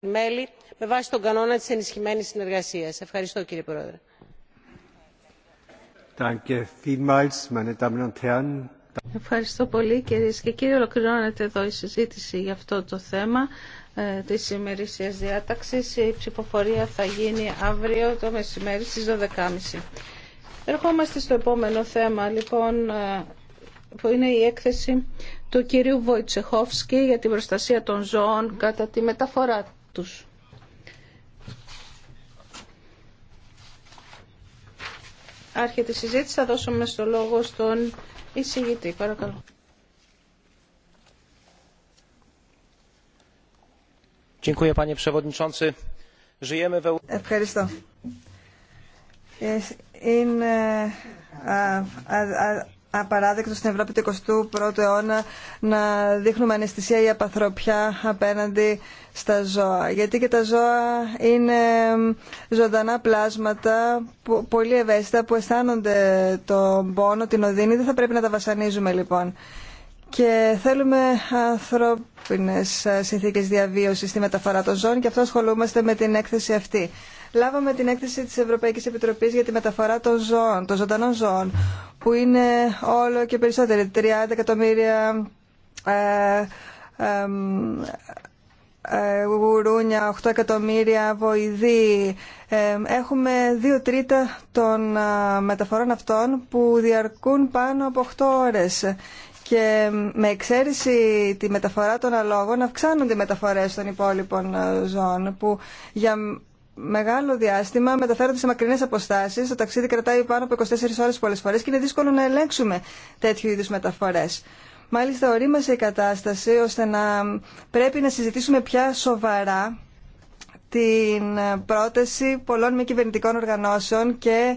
μέλη με βάση τον κανόνα της ενισχυμένης συνεργασίας. Ευχαριστώ κύριε Πρόεδρε. Ευχαριστώ πολύ κυρίε και κύριοι. Ολοκληρώνεται εδώ η συζήτηση για αυτό το θέμα ε, της τη ημερήσια διάταξη. Η ψηφοφορία θα γίνει αύριο το μεσημέρι στι 12.30. Ερχόμαστε στο επόμενο θέμα λοιπόν ε, που είναι η έκθεση του κυρίου Βοητσεχόφσκι για την προστασία των ζώων κατά τη μεταφορά τους. Άρχεται η συζήτηση, θα δώσουμε στο λόγο στον εισηγητή. Παρακαλώ. Ευχαριστώ απαράδεκτο στην Ευρώπη του 21ου αιώνα να δείχνουμε αναισθησία ή απαθροπιά απέναντι στα ζώα. Γιατί και τα ζώα είναι ζωντανά πλάσματα, πολύ ευαίσθητα, που αισθάνονται τον πόνο, την οδύνη. Δεν θα πρέπει να τα βασανίζουμε λοιπόν. Και θέλουμε ανθρώπινες συνθήκες διαβίωσης στη μεταφορά των ζώων και αυτό ασχολούμαστε με την έκθεση αυτή. Λάβαμε την έκθεση της Ευρωπαϊκής Επιτροπής για τη μεταφορά των ζώων, των ζωντανών ζώων, που είναι όλο και περισσότεροι, 30 εκατομμύρια ε, ε, ε, γουρούνια, 8 εκατομμύρια βοηδοί. έχουμε 2 τρίτα των ε, μεταφορών αυτών που διαρκούν πάνω από 8 ώρες. Και με εξαίρεση τη μεταφορά των αλόγων αυξάνονται οι μεταφορές των υπόλοιπων ε, ζώων που για μεγάλο διάστημα μεταφέρονται σε μακρινέ αποστάσει. Το ταξίδι κρατάει πάνω από 24 ώρε πολλέ φορέ και είναι δύσκολο να ελέγξουμε τέτοιου είδου μεταφορέ. Μάλιστα, ορίμασε η κατάσταση ώστε να πρέπει να συζητήσουμε πια σοβαρά την πρόταση πολλών μη κυβερνητικών οργανώσεων και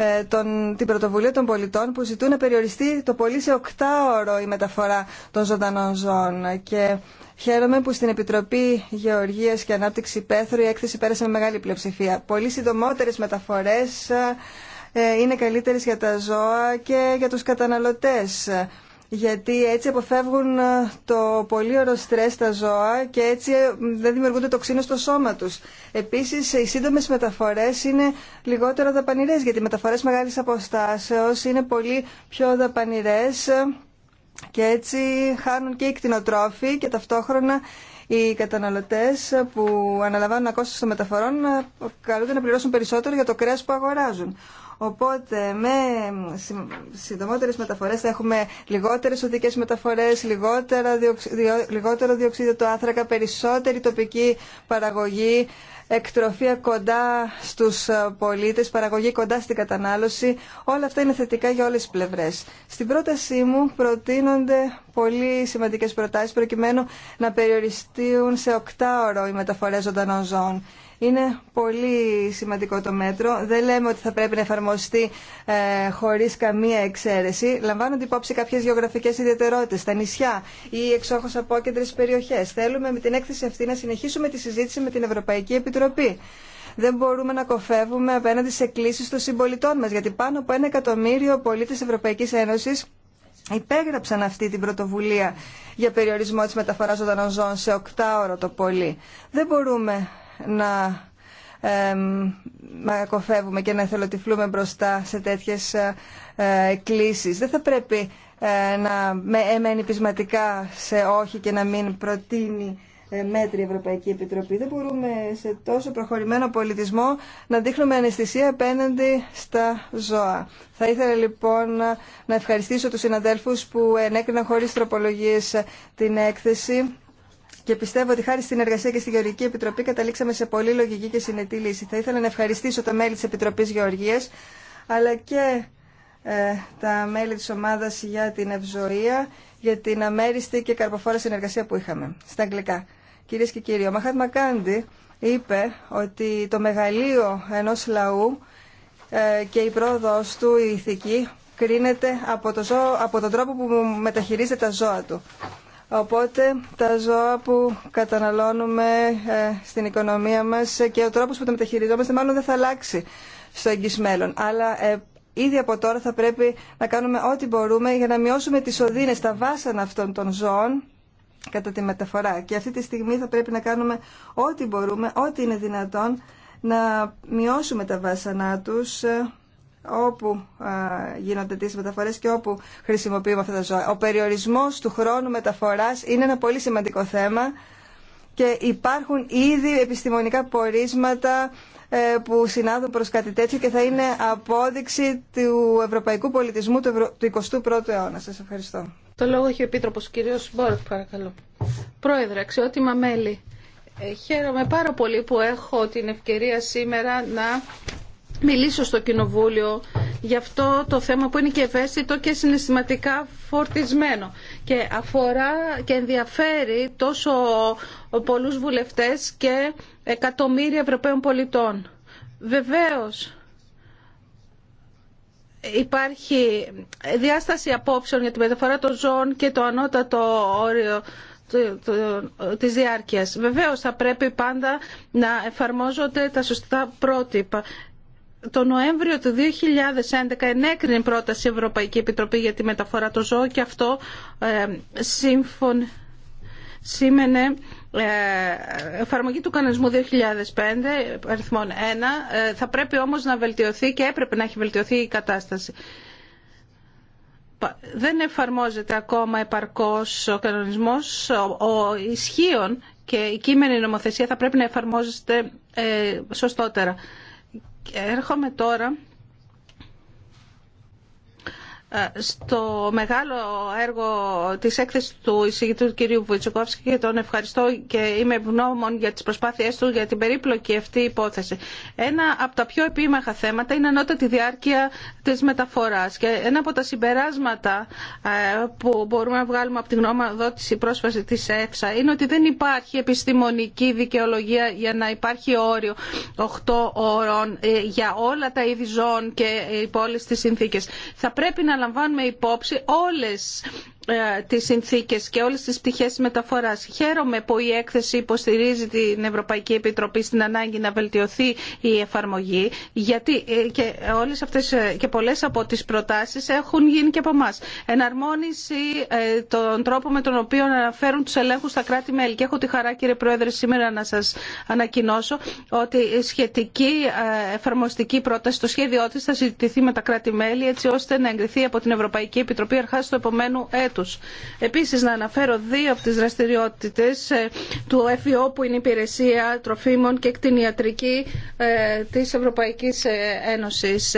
ε, τον, την πρωτοβουλία των πολιτών που ζητούν να περιοριστεί το πολύ σε οκτάωρο η μεταφορά των ζωντανών ζώων. Και χαίρομαι που στην Επιτροπή Γεωργίας και Ανάπτυξη Πέθρου η έκθεση πέρασε με μεγάλη πλειοψηφία. Πολύ συντομότερες μεταφορές ε, είναι καλύτερες για τα ζώα και για τους καταναλωτές γιατί έτσι αποφεύγουν ε, το πολύ στρες στα ζώα και έτσι ε, δεν δημιουργούνται τοξίνες στο σώμα τους. Επίσης, οι σύντομες μεταφορές είναι λιγότερο δαπανηρές, γιατί οι μεταφορές μεγάλης αποστάσεως είναι πολύ πιο δαπανηρές ε, και έτσι χάνουν και οι κτηνοτρόφοι και ταυτόχρονα οι καταναλωτές που αναλαμβάνουν ακόστος των μεταφορών καλούνται να πληρώσουν περισσότερο για το κρέας που αγοράζουν. Οπότε με συντομότερες μεταφορές θα έχουμε λιγότερες οδικές μεταφορές, λιγότερο διοξείδιο του άνθρακα, περισσότερη τοπική παραγωγή, εκτροφία κοντά στους ε, πολίτες, παραγωγή κοντά στην κατανάλωση. Όλα αυτά είναι θετικά για όλες τις πλευρές. Στην πρότασή μου προτείνονται πολύ σημαντικές προτάσεις προκειμένου να περιοριστούν σε οκτάωρο οι μεταφορές ζωντανών ζώων. Είναι πολύ σημαντικό το μέτρο. Δεν λέμε ότι θα πρέπει να εφαρμοστεί ε, χωρί καμία εξαίρεση. Λαμβάνονται υπόψη κάποιε γεωγραφικέ ιδιαιτερότητε, τα νησιά ή εξόχω απόκεντρε περιοχέ. Θέλουμε με την έκθεση αυτή να συνεχίσουμε τη συζήτηση με την Ευρωπαϊκή Επιτροπή. Δεν μπορούμε να κοφεύουμε απέναντι σε κλήσει των συμπολιτών μα, γιατί πάνω από ένα εκατομμύριο πολίτε Ευρωπαϊκή Ένωση υπέγραψαν αυτή την πρωτοβουλία για περιορισμό της μεταφοράς ζωντανών ζώων σε οκτάωρο το πολύ. Δεν μπορούμε να μακοφεύουμε και να εθελοτυφλούμε μπροστά σε τέτοιες ε, ε, κλήσεις. Δεν θα πρέπει ε, να με εμένει πεισματικά σε όχι και να μην προτείνει μέτρη Ευρωπαϊκή Επιτροπή. Δεν μπορούμε σε τόσο προχωρημένο πολιτισμό να δείχνουμε αναισθησία απέναντι στα ζώα. Θα ήθελα λοιπόν να ευχαριστήσω τους συναδέλφους που ενέκριναν χωρίς τροπολογίες την έκθεση και πιστεύω ότι χάρη στην εργασία και στη Γεωργική Επιτροπή καταλήξαμε σε πολύ λογική και συνετή λύση. Θα ήθελα να ευχαριστήσω τα μέλη της Επιτροπής Γεωργίας αλλά και ε, τα μέλη της ομάδας για την ευζοία, για την αμέριστη και καρποφόρα συνεργασία που είχαμε. Στα αγγλικά. Κυρίες και κύριοι, ο Μαχατ Μακάντι είπε ότι το μεγαλείο ενός λαού ε, και η πρόοδος του η ηθική κρίνεται από, το από τον τρόπο που μεταχειρίζεται τα ζώα του. Οπότε τα ζώα που καταναλώνουμε ε, στην οικονομία μας και ο τρόπος που τα μεταχειριζόμαστε μάλλον δεν θα αλλάξει στο εγγύς Αλλά ε, ήδη από τώρα θα πρέπει να κάνουμε ό,τι μπορούμε για να μειώσουμε τις οδύνες, τα βάσανα αυτών των ζώων κατά τη μεταφορά. Και αυτή τη στιγμή θα πρέπει να κάνουμε ό,τι μπορούμε, ό,τι είναι δυνατόν να μειώσουμε τα βάσανά τους ε, όπου γίνονται τις μεταφορές και όπου χρησιμοποιούμε αυτά τα ζώα. Ο περιορισμός του χρόνου μεταφοράς είναι ένα πολύ σημαντικό θέμα και υπάρχουν ήδη επιστημονικά πορίσματα ε, που συνάδουν προς κάτι τέτοιο και θα είναι απόδειξη του ευρωπαϊκού πολιτισμού του 21ου αιώνα. Σας ευχαριστώ. Το λόγο έχει ο Επίτροπος, κύριος Μπόρκ, παρακαλώ. Πρόεδρε, αξιότιμα μέλη, ε, χαίρομαι πάρα πολύ που έχω την ευκαιρία σήμερα να μιλήσω στο Κοινοβούλιο για αυτό το θέμα που είναι και ευαίσθητο και συναισθηματικά φορτισμένο και αφορά και ενδιαφέρει τόσο πολλούς βουλευτές και εκατομμύρια Ευρωπαίων πολιτών. Βεβαίως, υπάρχει διάσταση απόψεων για τη μεταφορά των ζώων και το ανώτατο όριο της διάρκειας. Βεβαίως θα πρέπει πάντα να εφαρμόζονται τα σωστά πρότυπα το Νοέμβριο του 2011 ενέκρινε πρόταση η Ευρωπαϊκή Επιτροπή για τη μεταφορά των ζώων και αυτό ε, σύμφων, σήμαινε ε, εφαρμογή του κανονισμού 2005 αριθμών 1 ε, θα πρέπει όμως να βελτιωθεί και έπρεπε να έχει βελτιωθεί η κατάσταση δεν εφαρμόζεται ακόμα επαρκώς ο κανονισμός ο ισχύων και η κείμενη νομοθεσία θα πρέπει να εφαρμόζεται σωστότερα έρχομαι τώρα ε, στο μεγάλο έργο της έκθεσης του εισηγητού κ. Βουτσικόφσκη και τον ευχαριστώ και είμαι ευγνώμων για τις προσπάθειές του για την περίπλοκη αυτή υπόθεση. Ένα από τα πιο επίμαχα θέματα είναι ανώτατη διάρκεια της μεταφοράς και ένα από τα συμπεράσματα ε, που μπορούμε να βγάλουμε από τη δότηση πρόσφαση της ΕΦΣΑ είναι ότι δεν υπάρχει επιστημονική δικαιολογία για να υπάρχει όριο 8 ώρων ε, για όλα τα είδη ζώων και υπό όλες τις συνθήκες. Θα πρέπει να να λαμβάνουμε υπόψη όλες ε, τις συνθήκες και όλες τις πτυχές μεταφοράς. Χαίρομαι που η έκθεση υποστηρίζει την Ευρωπαϊκή Επιτροπή στην ανάγκη να βελτιωθεί η εφαρμογή γιατί ε, και, όλες αυτές, ε, και πολλές από τις προτάσεις έχουν γίνει και από εμά. Εναρμόνιση ε, τον τρόπο με τον οποίο αναφέρουν τους ελέγχους στα κράτη-μέλη και έχω τη χαρά κύριε Πρόεδρε σήμερα να σας ανακοινώσω ότι η σχετική εφαρμοστική πρόταση το σχέδιό της θα συζητηθεί με τα κράτη-μέλη έτσι ώστε να εγκριθεί από την Ευρωπαϊκή Επιτροπή αρχάς του επομένου έτου Επίσης να αναφέρω δύο από τις δραστηριότητες ε, του ΕΦΙΟ e που είναι η υπηρεσία τροφίμων και κτηνιατρική ε, της Ευρωπαϊκής ε, Ένωσης.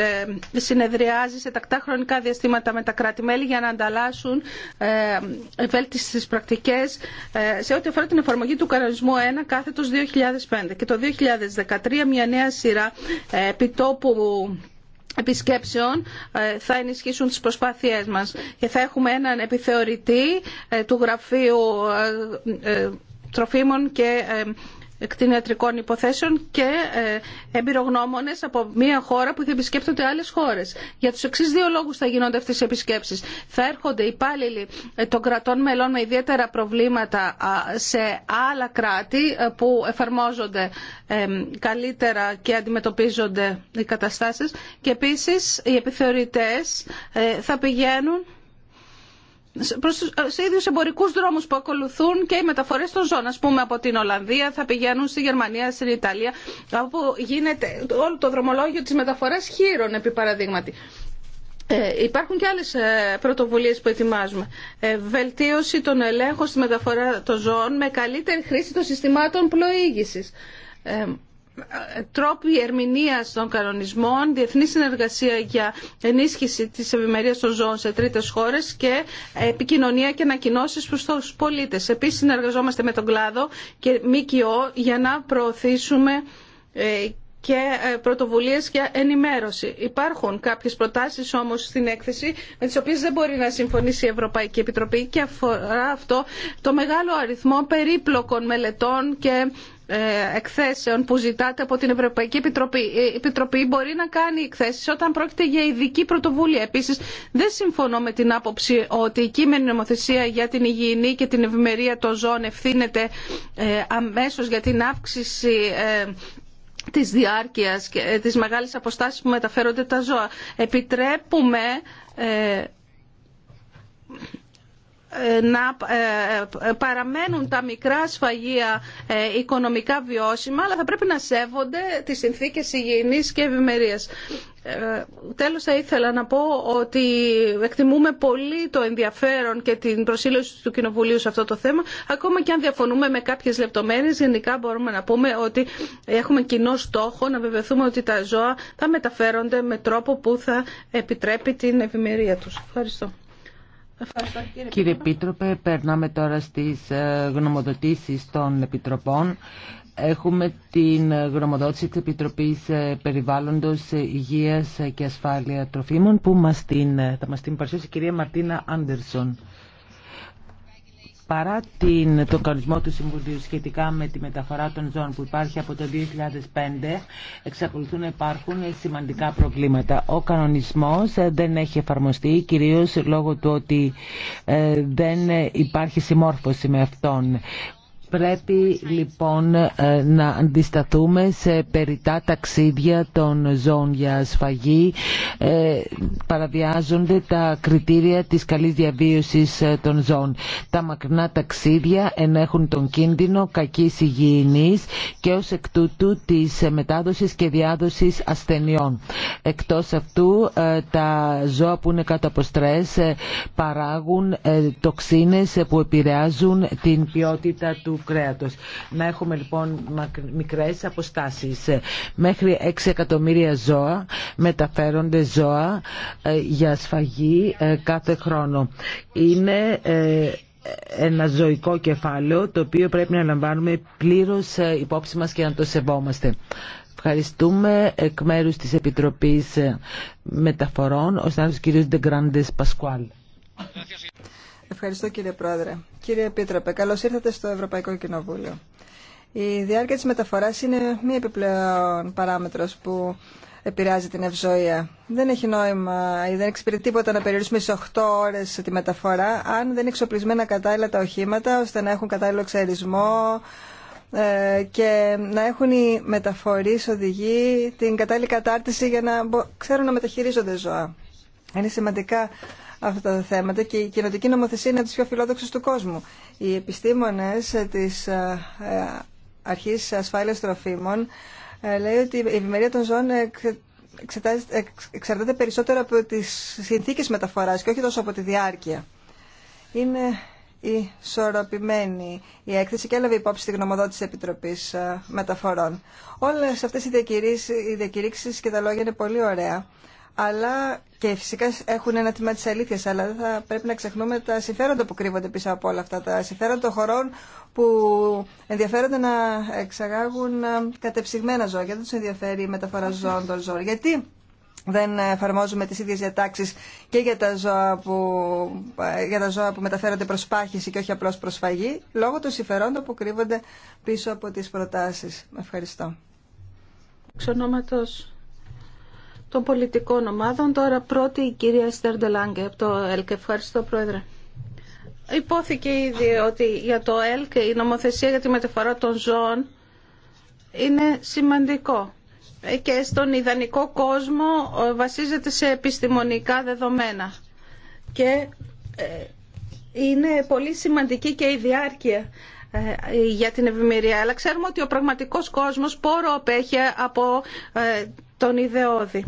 Συνεδριάζει σε τακτά χρονικά διαστήματα με τα κράτη-μέλη για να ανταλλάσσουν ευέλτιστες πρακτικές σε ό,τι αφορά την εφαρμογή του κανονισμού 1 κάθετος 2005 και το 2013 μια νέα σειρά επιτόπου επισκέψεων ε, θα ενισχύσουν τις προσπάθειές μας και θα έχουμε έναν επιθεωρητή ε, του Γραφείου ε, Τροφίμων και κτηνιατρικών υποθέσεων και ε, εμπειρογνώμονε από μια χώρα που θα επισκέπτονται άλλε χώρε. Για του εξή δύο λόγου θα γίνονται αυτέ οι επισκέψει. Θα έρχονται υπάλληλοι ε, των κρατών μελών με ιδιαίτερα προβλήματα σε άλλα κράτη ε, που εφαρμόζονται καλύτερα και αντιμετωπίζονται οι καταστάσει. Και επίση οι επιθεωρητέ θα πηγαίνουν προς τους ε, ίδιους εμπορικούς δρόμους που ακολουθούν και οι μεταφορές των ζώων. Ας πούμε από την Ολλανδία θα πηγαίνουν στη Γερμανία, στην Ιταλία, όπου γίνεται όλο το δρομολόγιο της μεταφοράς χείρων επί παραδείγματι. Ε, υπάρχουν και άλλες ε, πρωτοβουλίες που ετοιμάζουμε. Ε, βελτίωση των ελέγχων στη μεταφορά των ζώων με καλύτερη χρήση των συστημάτων πλοήγησης τρόποι ερμηνείας των κανονισμών, διεθνή συνεργασία για ενίσχυση της ευημερίας των ζώων σε τρίτες χώρες και επικοινωνία και ανακοινώσεις προς τους πολίτες. Επίσης συνεργαζόμαστε με τον κλάδο και ΜΚΟ για να προωθήσουμε ε, και ε, πρωτοβουλίες για ενημέρωση. Υπάρχουν κάποιες προτάσεις όμως στην έκθεση με τις οποίες δεν μπορεί να συμφωνήσει η Ευρωπαϊκή Επιτροπή και αφορά αυτό το μεγάλο αριθμό περίπλοκων μελετών και ε, εκθέσεων που ζητάτε από την Ευρωπαϊκή Επιτροπή. Η Επιτροπή μπορεί να κάνει εκθέσεις όταν πρόκειται για ειδική πρωτοβουλία. Επίσης, δεν συμφωνώ με την άποψη ότι η κείμενη νομοθεσία για την υγιεινή και την ευημερία των ζώων ευθύνεται ε, αμέσω για την αύξηση της διάρκειας και ε, της μεγάλης αποστάσης που μεταφέρονται τα ζώα. Επιτρέπουμε ε, ε, να παραμένουν τα μικρά σφαγεία οικονομικά βιώσιμα αλλά θα πρέπει να σέβονται τις συνθήκες υγιεινής και ευημερίας. Ε, τέλος θα ήθελα να πω ότι εκτιμούμε πολύ το ενδιαφέρον και την προσήλωση του Κοινοβουλίου σε αυτό το θέμα. Ακόμα και αν διαφωνούμε με κάποιες λεπτομέρειες, γενικά μπορούμε να πούμε ότι έχουμε κοινό στόχο να βεβαιωθούμε ότι τα ζώα θα μεταφέρονται με τρόπο που θα επιτρέπει την ευημερία τους. Ευχαριστώ. Ευχαριστώ κύριε, κύριε Πίτροπε, περνάμε τώρα στις ε, γνωμοδοτήσεις των Επιτροπών. Έχουμε την γνωμοδότηση της Επιτροπής ε, Περιβάλλοντος ε, Υγείας ε, και Ασφάλεια Τροφίμων που μας την, θα μας την παρουσιάσει η κυρία Μαρτίνα Άντερσον. Παρά την, τον κανονισμό του Συμβουλίου σχετικά με τη μεταφορά των ζώων που υπάρχει από το 2005, εξακολουθούν να υπάρχουν σημαντικά προβλήματα. Ο κανονισμός δεν έχει εφαρμοστεί, κυρίως λόγω του ότι δεν υπάρχει συμμόρφωση με αυτόν. Πρέπει λοιπόν ε, να αντισταθούμε σε περιτά ταξίδια των ζώων για σφαγή. Ε, παραβιάζονται τα κριτήρια της καλής διαβίωσης ε, των ζώων. Τα μακρινά ταξίδια ενέχουν τον κίνδυνο κακής υγιεινής και ως εκ τούτου της μετάδοσης και διάδοσης ασθενειών. Εκτός αυτού τα ζώα που είναι κάτω από στρες παράγουν τοξίνες που επηρεάζουν την ποιότητα του να έχουμε λοιπόν μικρές αποστάσεις. Μέχρι 6 εκατομμύρια ζώα μεταφέρονται ζώα ε, για σφαγή ε, κάθε χρόνο. Είναι ε, ένα ζωικό κεφάλαιο το οποίο πρέπει να λαμβάνουμε πλήρως υπόψη μας και να το σεβόμαστε. Ευχαριστούμε εκ μέρους της Επιτροπής Μεταφορών ο συνάδελφος κ. Ντεγκράντες Πασκουάλ. Ευχαριστώ κύριε Πρόεδρε. Κύριε Επίτροπε, καλώ ήρθατε στο Ευρωπαϊκό Κοινοβούλιο. Η διάρκεια τη μεταφοράς είναι μία επιπλέον παράμετρος που επηρεάζει την ευζοία. Δεν έχει νόημα ή δεν εξυπηρετεί τίποτα να περιορίσουμε σε 8 ώρες τη μεταφορά αν δεν είναι εξοπλισμένα κατάλληλα τα οχήματα ώστε να έχουν κατάλληλο εξαερισμό ε, και να έχουν οι μεταφορεί οδηγοί την κατάλληλη κατάρτιση για να ξέρουν να μεταχειρίζονται ζώα. Είναι σημαντικά αυτά τα θέματα και η κοινοτική νομοθεσία είναι από τις πιο φιλόδοξες του κόσμου. Οι επιστήμονες της ε, ε, Αρχής Ασφάλειας Τροφίμων ε, λέει ότι η ευημερία των ζώων εξαρτάται περισσότερο από τις συνθήκες μεταφοράς και όχι τόσο από τη διάρκεια. Είναι ισορροπημένη η έκθεση και έλαβε υπόψη τη γνωμοδότηση τη Επιτροπής Μεταφορών. Όλες αυτές οι διακηρύξεις και τα λόγια είναι πολύ ωραία, αλλά και φυσικά έχουν ένα τμήμα τη αλήθεια, αλλά δεν θα πρέπει να ξεχνούμε τα συμφέροντα που κρύβονται πίσω από όλα αυτά. Τα συμφέροντα των χωρών που ενδιαφέρονται να εξαγάγουν ε, κατεψυγμένα ζώα. Γιατί δεν του ενδιαφέρει η μεταφορά ζώων των ζώων. Γιατί δεν εφαρμόζουμε τι ίδιε διατάξει και για τα ζώα που, ε, για τα ζώα που μεταφέρονται προς πάχηση και όχι απλώ προς φαγή, λόγω των συμφερόντων που κρύβονται πίσω από τι προτάσει. Ευχαριστώ. Εξ των πολιτικών ομάδων. Τώρα πρώτη η κυρία Στέρντε από το ΕΛΚ. Ευχαριστώ Πρόεδρε. Υπόθηκε ήδη ότι για το ΕΛΚ η νομοθεσία για τη μεταφορά των ζώων είναι σημαντικό και στον ιδανικό κόσμο ε, βασίζεται σε επιστημονικά δεδομένα και ε, είναι πολύ σημαντική και η διάρκεια ε, για την ευημερία. Αλλά ξέρουμε ότι ο πραγματικός κόσμος πόρο απέχει από τον ιδεώδη.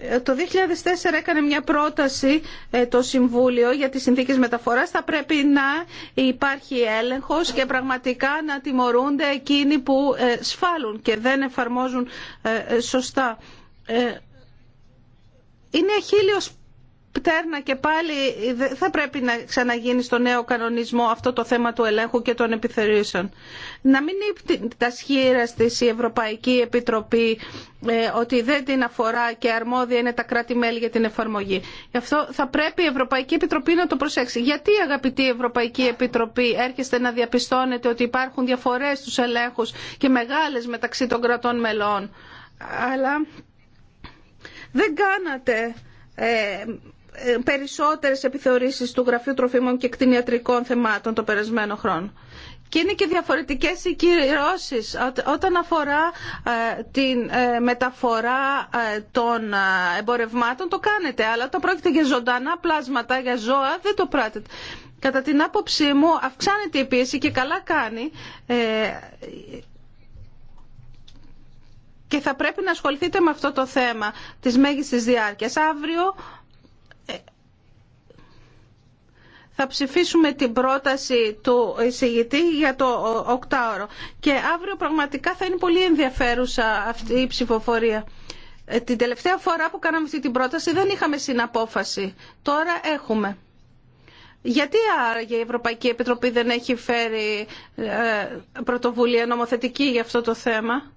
Ε, το 2004 έκανε μια πρόταση ε, το Συμβούλιο για τις συνθήκες μεταφοράς. Θα πρέπει να υπάρχει έλεγχος και πραγματικά να τιμωρούνται εκείνοι που ε, σφάλουν και δεν εφαρμόζουν σωστά. Είναι χίλιος πτέρνα και πάλι θα πρέπει να ξαναγίνει στο νέο κανονισμό αυτό το θέμα του ελέγχου και των επιθερήσεων. Να μην είναι τα σχήρα η Ευρωπαϊκή Επιτροπή ε, ότι δεν την αφορά και αρμόδια είναι τα κράτη-μέλη για την εφαρμογή. Γι' αυτό θα πρέπει η Ευρωπαϊκή Επιτροπή να το προσέξει. Γιατί αγαπητή Ευρωπαϊκή Επιτροπή έρχεστε να διαπιστώνετε ότι υπάρχουν διαφορές στους ελέγχους και μεγάλες μεταξύ των κρατών μελών. Αλλά δεν κάνατε ε, ε, περισσότερες επιθεωρήσεις του Γραφείου Τροφίμων και Κτηνιατρικών Θεμάτων το περασμένο χρόνο. Και είναι και διαφορετικές οι όταν αφορά ε, την ε, μεταφορά των εμπορευμάτων το κάνετε, αλλά όταν πρόκειται για ζωντανά πλάσματα, για ζώα δεν το πράτετε. Κατά την άποψή μου αυξάνεται η πίεση και καλά κάνει και θα πρέπει να ασχοληθείτε με αυτό το θέμα της μέγιστης διάρκειας. Αύριο θα ψηφίσουμε την πρόταση του εισηγητή για το οκτάωρο. Και αύριο πραγματικά θα είναι πολύ ενδιαφέρουσα αυτή η ψηφοφορία. Ε, την τελευταία φορά που κάναμε αυτή την πρόταση δεν είχαμε συναπόφαση. Τώρα έχουμε. Γιατί άραγε η Ευρωπαϊκή Επιτροπή δεν έχει φέρει ε, πρωτοβουλία νομοθετική για αυτό το θέμα.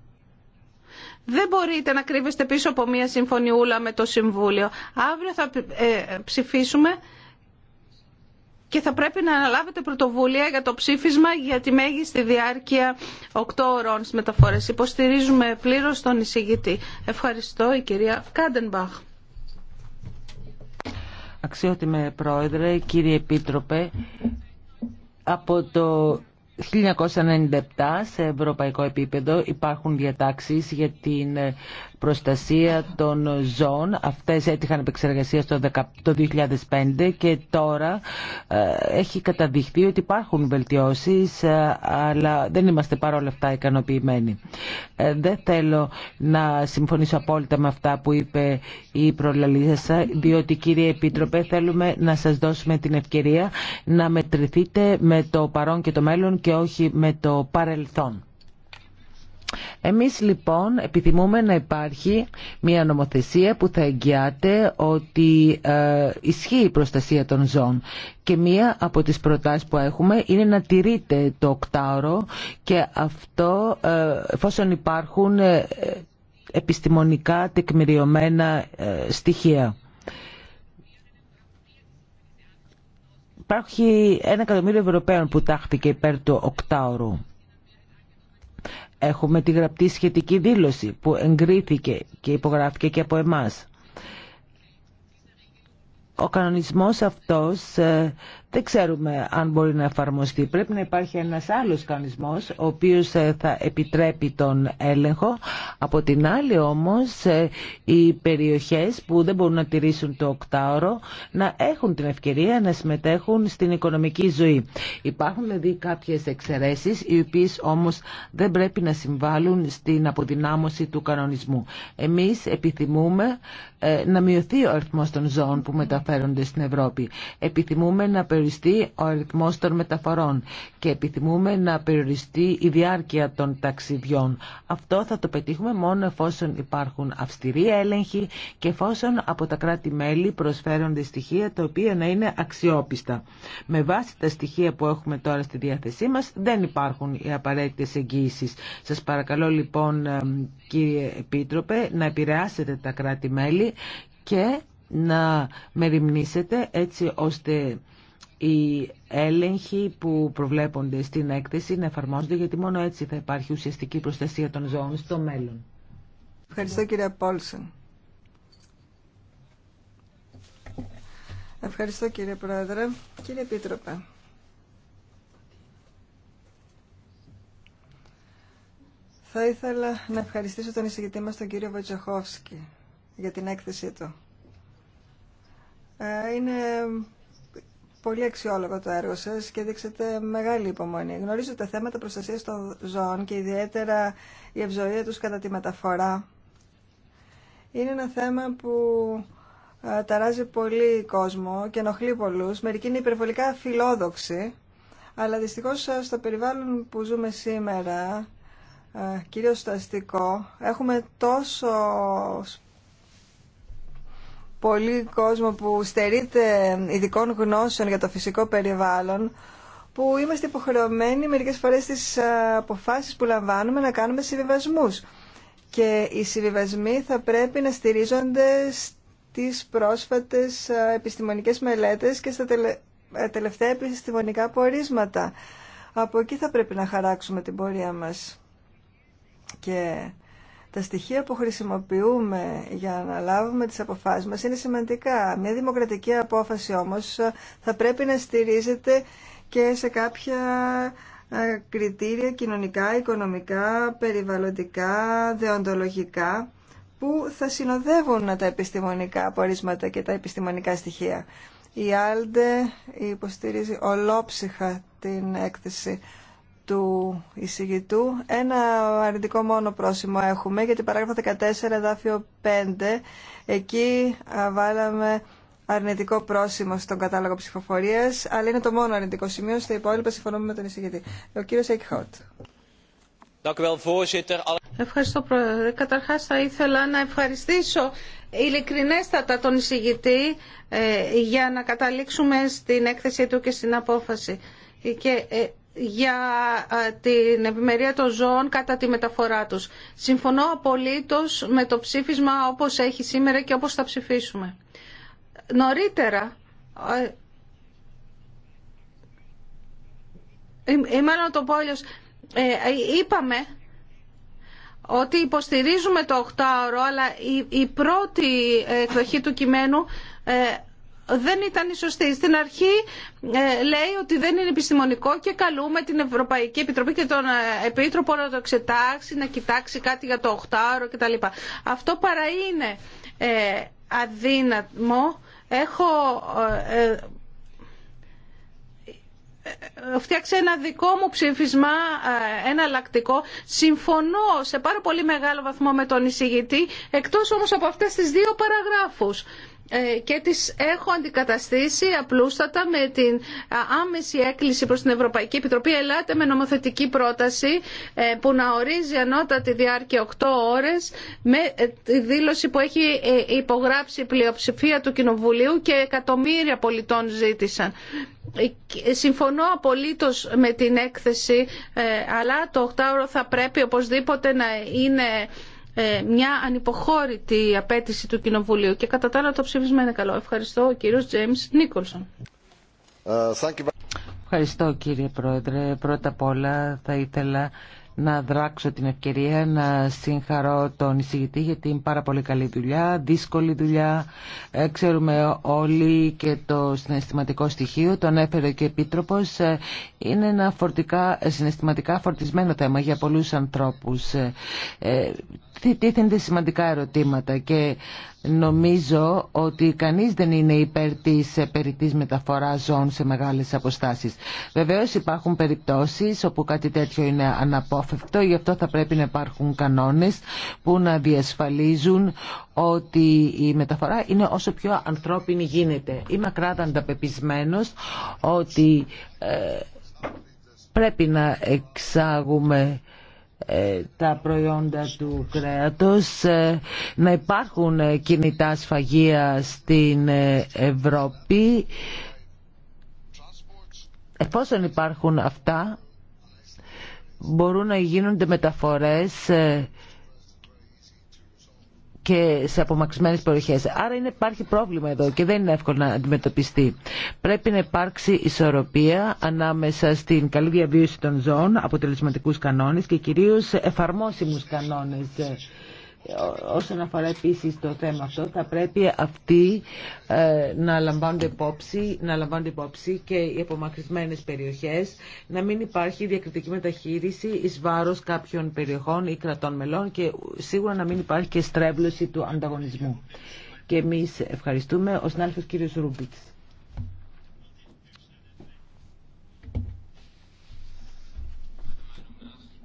Δεν μπορείτε να κρύβεστε πίσω από μια συμφωνιούλα με το Συμβούλιο. Αύριο θα ε, ψηφίσουμε και θα πρέπει να αναλάβετε πρωτοβουλία για το ψήφισμα για τη μέγιστη διάρκεια 8 ώρων στις μεταφορές. Υποστηρίζουμε πλήρως τον εισηγητή. Ευχαριστώ η κυρία Κάντενμπαχ. Αξιότιμε Πρόεδρε, κύριε Επίτροπε, από το 1997 σε ευρωπαϊκό επίπεδο υπάρχουν διατάξεις για την ε, προστασία των ζώων. Αυτές έτυχαν επεξεργασία το 2005 και τώρα ε, έχει καταδειχθεί ότι υπάρχουν βελτιώσεις ε, αλλά δεν είμαστε παρόλα αυτά ικανοποιημένοι. Ε, δεν θέλω να συμφωνήσω απόλυτα με αυτά που είπε η προλαλήσασα διότι κύριε Επίτροπε θέλουμε να σας δώσουμε την ευκαιρία να μετρηθείτε με το παρόν και το μέλλον και όχι με το παρελθόν. Εμείς λοιπόν επιθυμούμε να υπάρχει μια νομοθεσία που θα εγγυάται ότι ε, ισχύει η προστασία των ζώων και μία από τις προτάσεις που έχουμε είναι να τηρείται το οκτάωρο και αυτό ε, εφόσον υπάρχουν ε, επιστημονικά τεκμηριωμένα ε, στοιχεία. Υπάρχει ένα εκατομμύριο Ευρωπαίων που τάχθηκε υπέρ του οκτάωρου. Έχουμε τη γραπτή σχετική δήλωση που εγκρίθηκε και υπογράφηκε και από εμάς. Ο κανονισμός αυτός ε, δεν ξέρουμε αν μπορεί να εφαρμοστεί. Πρέπει να υπάρχει ένας άλλος κανισμός, ο οποίος ε, θα επιτρέπει τον έλεγχο. Από την άλλη όμως ε, οι περιοχές που δεν μπορούν να τηρήσουν το οκτάωρο να έχουν την ευκαιρία να συμμετέχουν στην οικονομική ζωή. Υπάρχουν δηλαδή κάποιες εξαιρέσεις οι οποίες όμως δεν πρέπει να συμβάλλουν στην αποδυνάμωση του κανονισμού. Εμείς επιθυμούμε ε, να μειωθεί ο αριθμός των ζώων που μεταφέρονται στην Ευρώπη. Επιθυμούμε να περιοριστεί ο αριθμός των μεταφορών και επιθυμούμε να περιοριστεί η διάρκεια των ταξιδιών. Αυτό θα το πετύχουμε μόνο εφόσον υπάρχουν αυστηροί έλεγχοι και εφόσον από τα κράτη-μέλη προσφέρονται στοιχεία τα οποία να είναι αξιόπιστα. Με βάση τα στοιχεία που έχουμε τώρα στη διάθεσή μας δεν υπάρχουν οι απαραίτητες εγγύησεις. Σας παρακαλώ λοιπόν ε, κύριε Επίτροπε να επηρεάσετε τα κράτη-μέλη και να μεριμνήσετε έτσι ώστε οι έλεγχοι που προβλέπονται στην έκθεση να εφαρμόζονται γιατί μόνο έτσι θα υπάρχει ουσιαστική προστασία των ζώων στο μέλλον. Ευχαριστώ κύριε Πόλσεν. Ευχαριστώ κύριε Πρόεδρε. Κύριε Επίτροπε. Θα ήθελα να ευχαριστήσω τον εισηγητή μας τον κύριο Βατζοχόφσκι για την έκθεσή του. Ε, είναι πολύ αξιόλογο το έργο σας και δείξατε μεγάλη υπομονή. Γνωρίζω τα θέματα προστασία των ζώων και ιδιαίτερα η ευζωία τους κατά τη μεταφορά. Είναι ένα θέμα που ε, ταράζει πολύ κόσμο και ενοχλεί πολλού. Μερικοί είναι υπερβολικά φιλόδοξοι, αλλά δυστυχώ, ε, στο περιβάλλον που ζούμε σήμερα, ε, κυρίως στο αστικό, έχουμε τόσο πολύ κόσμο που στερείται ειδικών γνώσεων για το φυσικό περιβάλλον που είμαστε υποχρεωμένοι μερικές φορές στις ε, αποφάσεις που λαμβάνουμε να κάνουμε συμβιβασμούς. Και οι συμβιβασμοί θα πρέπει να στηρίζονται στις πρόσφατες ε, επιστημονικές μελέτες και στα ε, τελευταία επιστημονικά πορίσματα. Από εκεί θα πρέπει να χαράξουμε την πορεία μας. Και τα στοιχεία που χρησιμοποιούμε για να λάβουμε τις αποφάσεις μας είναι σημαντικά. Μια δημοκρατική απόφαση όμως θα πρέπει να στηρίζεται και σε κάποια ε, κριτήρια κοινωνικά, οικονομικά, περιβαλλοντικά, δεοντολογικά που θα συνοδεύουν τα επιστημονικά απορίσματα και τα επιστημονικά στοιχεία. Η Άλντε υποστηρίζει ολόψυχα την έκθεση του εισηγητού. Ένα αρνητικό μόνο πρόσημο έχουμε για την παράγραφο 14, εδάφιο 5. Εκεί βάλαμε αρνητικό πρόσημο στον κατάλογο ψηφοφορία, αλλά είναι το μόνο αρνητικό σημείο. Στα υπόλοιπα συμφωνούμε με τον εισηγητή. Ο κύριο Έκχοτ. Ευχαριστώ, Πρόεδρε. Καταρχά, θα ήθελα να ευχαριστήσω ειλικρινέστατα τον εισηγητή ε, για να καταλήξουμε στην έκθεσή του και στην απόφαση. Και ε, για ε, την ευημερία των ζώων κατά τη μεταφορά τους. Συμφωνώ απολύτως με το ψήφισμα όπως έχει σήμερα και όπως θα ψηφίσουμε. Νωρίτερα, ε, ή μάλλον το πω ε, είπαμε ότι υποστηρίζουμε το 8ωρο, αλλά η πρώτη εκδοχή του κειμένου δεν ήταν η σωστή. Στην αρχή ε, λέει ότι δεν είναι επιστημονικό και καλούμε την Ευρωπαϊκή Επιτροπή και τον ε, Επίτροπο να το εξετάξει, να κοιτάξει κάτι για το 8 κτλ. Αυτό παρά είναι ε, αδύναμο. Έχω φτιάξει ένα δικό μου ψήφισμα εναλλακτικό. Συμφωνώ σε πάρα πολύ μεγάλο βαθμό με τον εισηγητή, εκτός όμως από αυτές τις δύο παραγράφους. Ε, και τις έχω αντικαταστήσει απλούστατα με την άμεση έκκληση προς την Ευρωπαϊκή Επιτροπή ελάτε με νομοθετική πρόταση ε, που να ορίζει ανώτατη διάρκεια 8 ώρες με ε, τη δήλωση που έχει υπογράψει η πλειοψηφία του Κοινοβουλίου και εκατομμύρια πολιτών ζήτησαν. Συμφωνώ απολύτως με την έκθεση αλλά το 8 ώρο θα πρέπει οπωσδήποτε να είναι ε, μια ανυποχώρητη απέτηση του Κοινοβουλίου. Και κατά τα το ψήφισμα είναι καλό. Ευχαριστώ ο κύριος Τζέιμς Νίκολσον. Ε, Ευχαριστώ κύριε Πρόεδρε. Πρώτα απ' όλα θα ήθελα να δράξω την ευκαιρία να συγχαρώ τον εισηγητή γιατί την πάρα πολύ καλή δουλειά, δύσκολη δουλειά. Ε, ξέρουμε όλοι και το συναισθηματικό στοιχείο, το ανέφερε και ο Επίτροπος. είναι ένα φορτικά, συναισθηματικά φορτισμένο θέμα για πολλούς ανθρώπους τίθενται σημαντικά ερωτήματα και νομίζω ότι κανείς δεν είναι υπέρ της ε, περιττής μεταφοράς ζώων σε μεγάλες αποστάσεις. Βεβαίως υπάρχουν περιπτώσεις όπου κάτι τέτοιο είναι αναπόφευκτο, γι' αυτό θα πρέπει να υπάρχουν κανόνες που να διασφαλίζουν ότι η μεταφορά είναι όσο πιο ανθρώπινη γίνεται. Είμαι ακράτα πεπισμένος ότι ε, πρέπει να εξάγουμε ε, τα προϊόντα του κρέατος, ε, να υπάρχουν ε, κινητά σφαγεία στην Ευρώπη. Εφόσον υπάρχουν αυτά, μπορούν να γίνονται μεταφορές και σε απομακρυσμένες περιοχές. Άρα είναι, υπάρχει πρόβλημα εδώ και δεν είναι εύκολο να αντιμετωπιστεί. Πρέπει να υπάρξει ισορροπία ανάμεσα στην καλή διαβίωση των ζώων, αποτελεσματικούς κανόνες και κυρίως εφαρμόσιμους κανόνες Όσον αφορά επίσης το θέμα αυτό, θα πρέπει αυτοί ε, να, λαμβάνονται υπόψη, να λαμβάνονται υπόψη και οι απομακρυσμένες περιοχές, να μην υπάρχει διακριτική μεταχείριση εις βάρος κάποιων περιοχών ή κρατών μελών και σίγουρα να μην υπάρχει και στρέβλωση του ανταγωνισμού. Και εμείς ευχαριστούμε. Ο συνάδελφος κύριος Ρούμπιτς.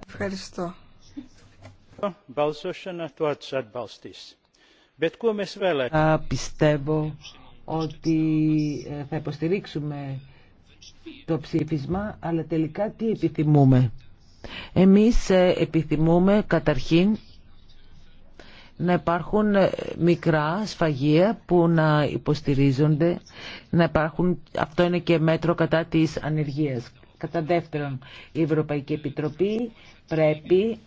Ευχαριστώ. Θα Πιστεύω ότι ε, θα υποστηρίξουμε το ψήφισμα, αλλά τελικά τι επιθυμούμε. Εμείς ε, επιθυμούμε καταρχήν να υπάρχουν ε, μικρά σφαγεία που να υποστηρίζονται, να υπάρχουν, αυτό είναι και μέτρο κατά της ανεργίας. Κατά δεύτερον, η Ευρωπαϊκή Επιτροπή πρέπει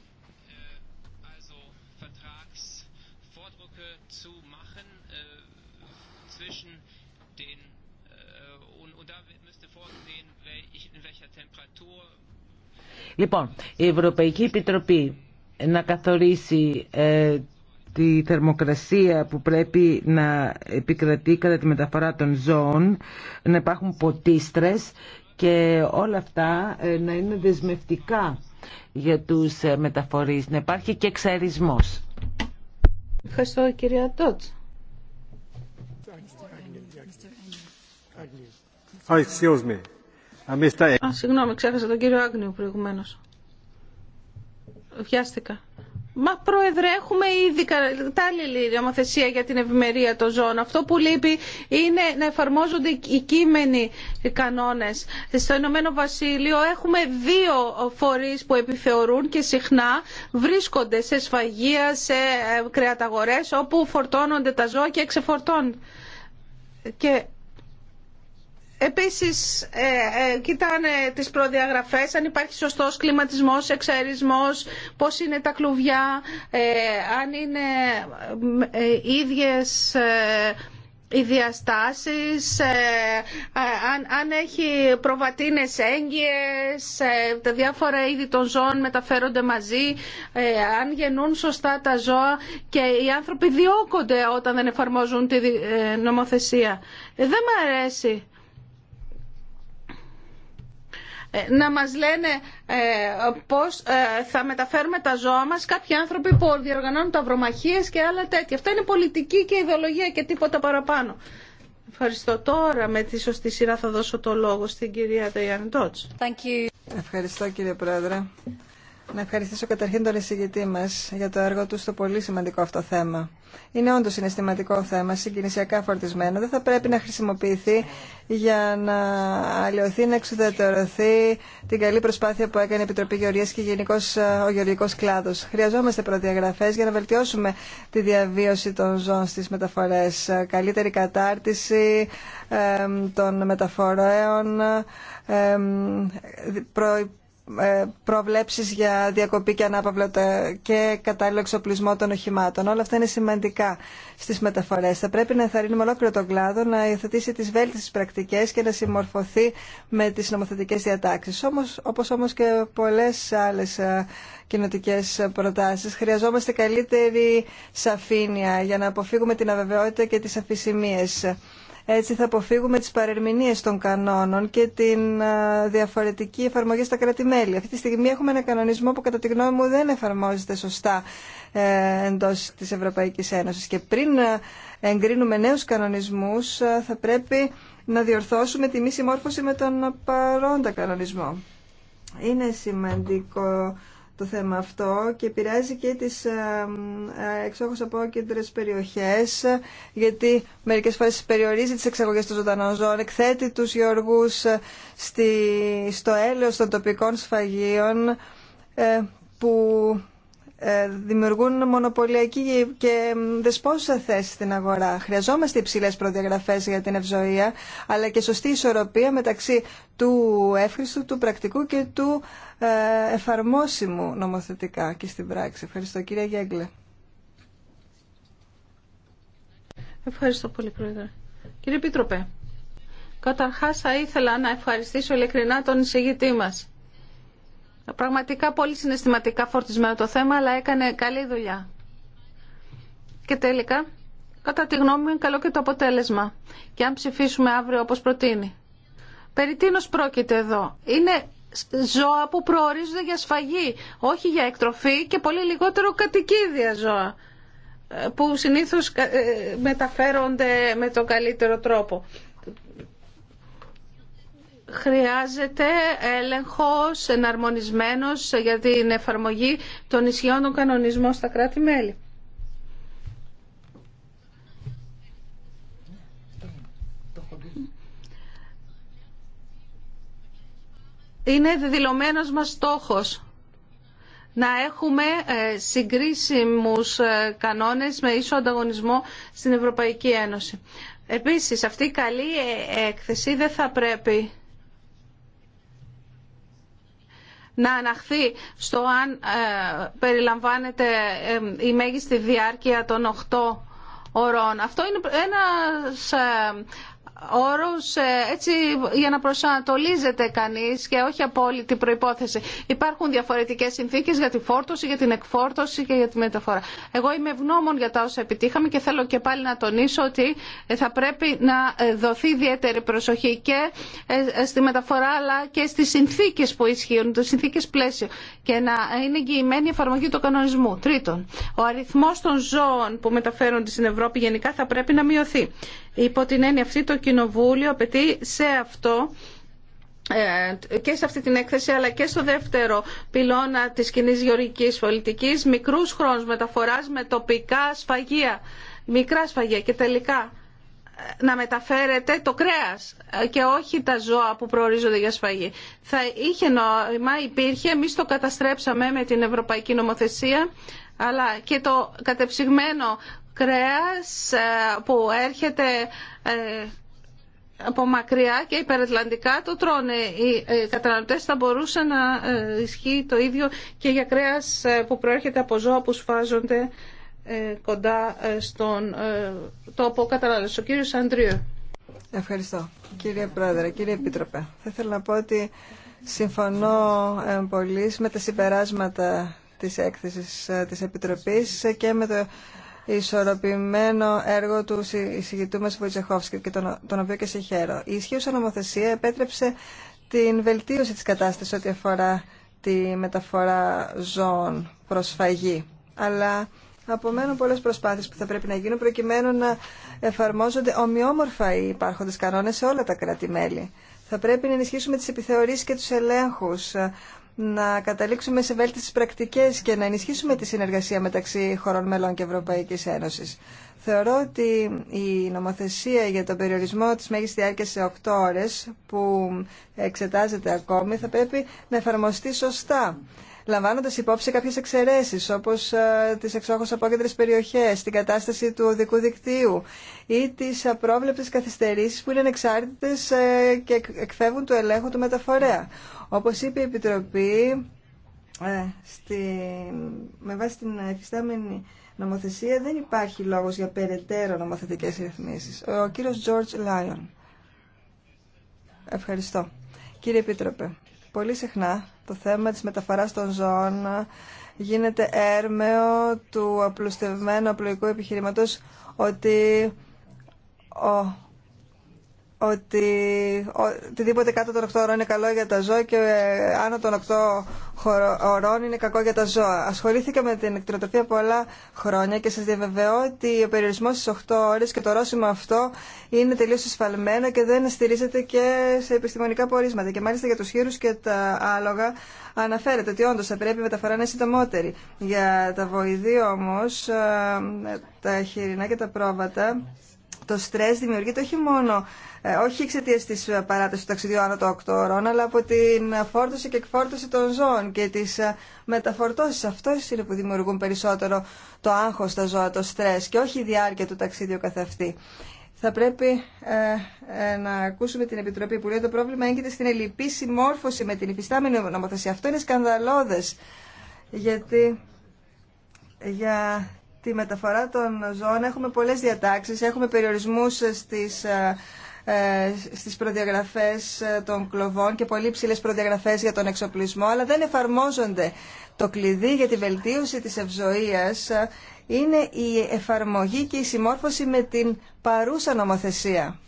Λοιπόν, η Ευρωπαϊκή Επιτροπή να καθορίσει ε, τη θερμοκρασία που πρέπει να επικρατεί κατά τη μεταφορά των ζώων, να υπάρχουν ποτίστρες και όλα αυτά ε, να είναι δεσμευτικά για τους ε, μεταφορείς. Να υπάρχει και εξαρισμός. Ευχαριστώ κυρία Τότς. excuse me. Α, συγγνώμη, ξέχασα τον κύριο Άγνιο προηγουμένω. Βιάστηκα. Μα πρόεδρε, έχουμε ήδη κατάλληλη νομοθεσία για την ευημερία των ζώων. Αυτό που λείπει είναι να εφαρμόζονται οι κείμενοι κανόνες. Στο Ηνωμένο Βασίλειο έχουμε δύο φορεί που επιθεωρούν και συχνά βρίσκονται σε σφαγεία, σε ε, κρεαταγορές όπου φορτώνονται τα ζώα και εξεφορτώνουν. Και Επίσης, ε, ε, κοιτάνε τις προδιαγραφές, αν υπάρχει σωστός κλιματισμός, εξαερισμός, πώς είναι τα κλουβιά, ε, αν είναι ίδιες οι διαστάσεις, αν έχει προβατίνες έγκυες, τα διάφορα είδη των ζώων μεταφέρονται μαζί, αν γεννούν σωστά τα ζώα και οι άνθρωποι διώκονται όταν δεν εφαρμόζουν τη νομοθεσία. Δεν μου αρέσει ε, να μας λένε ε, πώς ε, θα μεταφέρουμε τα ζώα μας κάποιοι άνθρωποι που διοργανώνουν τα βρομαχίες και άλλα τέτοια. Αυτά είναι πολιτική και ιδεολογία και τίποτα παραπάνω. Ευχαριστώ. Τώρα με τη σωστή σειρά θα δώσω το λόγο στην κυρία thank Τότς. Ευχαριστώ κύριε Πρόεδρε. Να ευχαριστήσω καταρχήν τον εισηγητή μα για το έργο του στο πολύ σημαντικό αυτό θέμα. Είναι όντω συναισθηματικό θέμα, συγκινησιακά φορτισμένο. Δεν θα πρέπει να χρησιμοποιηθεί για να αλλοιωθεί, να εξουδετερωθεί την καλή προσπάθεια που έκανε η Επιτροπή Γεωργία και γενικώ ε, ο γεωργικό κλάδο. Χρειαζόμαστε προδιαγραφέ για να βελτιώσουμε τη διαβίωση των ζώων στι μεταφορέ. Ε, καλύτερη κατάρτιση ε, των μεταφορέων, ε, προβλέψεις για διακοπή και ανάπαυλα και κατάλληλο εξοπλισμό των οχημάτων. Όλα αυτά είναι σημαντικά στις μεταφορές. Θα πρέπει να ενθαρρύνουμε ολόκληρο τον κλάδο να υιοθετήσει τις βέλτιστες πρακτικές και να συμμορφωθεί με τις νομοθετικές διατάξεις. Όμως, όπως όμως και πολλές άλλες ε, κοινοτικέ προτάσεις, χρειαζόμαστε καλύτερη σαφήνεια για να αποφύγουμε την αβεβαιότητα και τις αφησιμίες. Έτσι θα αποφύγουμε τις παρερμηνίες των κανόνων και την διαφορετική εφαρμογή στα κράτη-μέλη. Αυτή τη στιγμή έχουμε ένα κανονισμό που κατά τη γνώμη μου δεν εφαρμόζεται σωστά ε, εντός της Ευρωπαϊκής Ένωσης. Και πριν εγκρίνουμε νέους κανονισμούς θα πρέπει να διορθώσουμε τη μη συμμόρφωση με τον παρόντα κανονισμό. Είναι σημαντικό το θέμα αυτό και επηρεάζει και τις ε, ε, εξόχως απόκεντρες περιοχές γιατί μερικές φορές περιορίζει τις εξαγωγές των ζωντανών ζώων, εκθέτει τους γεωργούς ε, στη, στο έλεος των τοπικών σφαγίων που ε, δημιουργούν μονοπωλιακή και δεσπόζουσα θέση στην αγορά. Χρειαζόμαστε υψηλέ προδιαγραφέ για την ευζοία, αλλά και σωστή ισορροπία μεταξύ του εύχριστου, του πρακτικού και του ε, εφαρμόσιμου νομοθετικά και στην πράξη. Ευχαριστώ κύριε Γέγκλε. Ευχαριστώ πολύ πρόεδρε. Κύριε Πίτροπε, καταρχάς θα ήθελα να ευχαριστήσω ειλικρινά τον εισηγητή μας Πραγματικά πολύ συναισθηματικά φορτισμένο το θέμα, αλλά έκανε καλή δουλειά. Και τελικά, κατά τη γνώμη μου, είναι καλό και το αποτέλεσμα. Και αν ψηφίσουμε αύριο όπως προτείνει. Περί τίνος πρόκειται εδώ. Είναι ζώα που προορίζονται για σφαγή, όχι για εκτροφή και πολύ λιγότερο κατοικίδια ζώα ε, που συνήθως ε, μεταφέρονται με τον καλύτερο τρόπο χρειάζεται έλεγχος εναρμονισμένος για την εφαρμογή των ισχυών των κανονισμών στα κράτη-μέλη. Είναι δηλωμένος μας στόχος να έχουμε ε, συγκρίσιμους ε, κανόνες με ίσο ανταγωνισμό στην Ευρωπαϊκή Ένωση. Επίσης, αυτή η καλή ε, έκθεση δεν θα πρέπει να αναχθεί στο αν ε, περιλαμβάνεται ε, η μέγιστη διάρκεια των 8 ωρών. Αυτό είναι ένας ε, όρους ε, έτσι για να προσανατολίζεται κανείς και όχι απόλυτη προϋπόθεση. Υπάρχουν διαφορετικές συνθήκες για τη φόρτωση, για την εκφόρτωση και για τη μεταφορά. Εγώ είμαι ευγνώμων για τα όσα επιτύχαμε και θέλω και πάλι να τονίσω ότι θα πρέπει να ε, δοθεί ιδιαίτερη προσοχή και ε, στη μεταφορά αλλά και στις συνθήκες που ισχύουν, τις συνθήκες πλαίσιο και να είναι εγγυημένη η εφαρμογή του κανονισμού. Τρίτον, ο αριθμός των ζώων που μεταφέρονται στην Ευρώπη γενικά θα πρέπει να μειωθεί. Υπό την έννοια αυτή το Κοινοβούλιο απαιτεί σε αυτό ε, και σε αυτή την έκθεση αλλά και στο δεύτερο πυλώνα της κοινή γεωργικής πολιτικής μικρούς χρόνους μεταφοράς με τοπικά σφαγεία, μικρά σφαγεία και τελικά ε, να μεταφέρεται το κρέας ε, και όχι τα ζώα που προορίζονται για σφαγή. Θα είχε νόημα, υπήρχε, εμεί το καταστρέψαμε με την Ευρωπαϊκή Νομοθεσία αλλά και το κατεψυγμένο κρέας ε, που έρχεται ε, από μακριά και υπερατλαντικά το τρώνε. Οι ε, καταναλωτές θα μπορούσαν να ισχύει το ίδιο και για κρέας που προέρχεται από ζώα που σφάζονται κοντά στον τόπο κατανάλωση. Ο κύριος Αντρίου. Ευχαριστώ. Κύριε Πρόεδρε, κύριε Επίτροπε, θα ήθελα να πω ότι συμφωνώ πολύ με τα συμπεράσματα της έκθεσης της Επιτροπής και με το ισορροπημένο έργο του εισηγητού μα Βοητσεχόφσκη και τον, τον οποίο και συγχαίρω. Η ισχύουσα νομοθεσία επέτρεψε την βελτίωση της κατάστασης ό,τι αφορά τη μεταφορά ζώων προς φαγή. Αλλά απομένουν πολλές προσπάθειες που θα πρέπει να γίνουν προκειμένου να εφαρμόζονται ομοιόμορφα οι υπάρχοντες κανόνες σε όλα τα κράτη-μέλη. Θα πρέπει να ενισχύσουμε τις επιθεωρήσεις και τους ελέγχους, να καταλήξουμε σε βέλτιστες πρακτικές και να ενισχύσουμε τη συνεργασία μεταξύ χωρών μελών και Ευρωπαϊκής Ένωσης. Θεωρώ ότι η νομοθεσία για τον περιορισμό της μέγιστης διάρκειας σε 8 ώρες που εξετάζεται ακόμη θα πρέπει να εφαρμοστεί σωστά λαμβάνοντας υπόψη κάποιες εξαιρέσεις όπως ε, τις εξόχως απόκεντρες περιοχές, την κατάσταση του οδικού δικτύου ή τις απρόβλεπτες καθυστερήσεις που είναι ανεξάρτητες ε, και εκφεύγουν του ελέγχου του μεταφορέα. Όπως είπε η Επιτροπή, ε, στη, με βάση την εφιστάμενη νομοθεσία δεν υπάρχει λόγος για περαιτέρω νομοθετικές ρυθμίσεις. Ο κύριος George Λάιον. Ευχαριστώ. Κύριε Επίτροπε, πολύ συχνά το θέμα της μεταφοράς των ζώων γίνεται έρμεο του απλουστευμένου απλοϊκού επιχειρηματός ότι ο ότι οτιδήποτε κάτω των 8 ώρων είναι καλό για τα ζώα και ε, άνω των 8 ώρων είναι κακό για τα ζώα. Ασχολήθηκα με την εκτροτροφία πολλά χρόνια και σας διαβεβαιώ ότι ο περιορισμός στις 8 ώρες και το ρώσιμο αυτό είναι τελείως εσφαλμένο και δεν στηρίζεται και σε επιστημονικά πορίσματα. Και μάλιστα για τους χείρους και τα άλογα αναφέρεται ότι όντως θα πρέπει η μεταφορά να είναι συντομότερη. Για τα βοηδή όμως, ε, τα χοιρινά και τα πρόβατα το στρες δημιουργείται όχι μόνο, ε, όχι εξαιτία τη ε, παράταση του ταξιδιού άνω των 8 ώρων, αλλά από την ε, φόρτωση και εκφόρτωση των ζώων και τι μεταφορτώσει. Αυτό είναι που δημιουργούν περισσότερο το άγχο στα ζώα, το στρες και όχι η διάρκεια του ταξίδιου καθ' Θα πρέπει να ακούσουμε την Επιτροπή που λέει το πρόβλημα έγκυται στην ελληπή συμμόρφωση με την υφιστάμενη νομοθεσία. Αυτό είναι σκανδαλώδε. γιατί για τη μεταφορά των ζώων έχουμε πολλές διατάξεις, έχουμε περιορισμούς στις, ε, ε, στις προδιαγραφές ε, των κλοβών και πολύ ψηλέ προδιαγραφές για τον εξοπλισμό, αλλά δεν εφαρμόζονται. Το κλειδί για τη βελτίωση της ευζοίας είναι η εφαρμογή και η συμμόρφωση με την παρούσα νομοθεσία.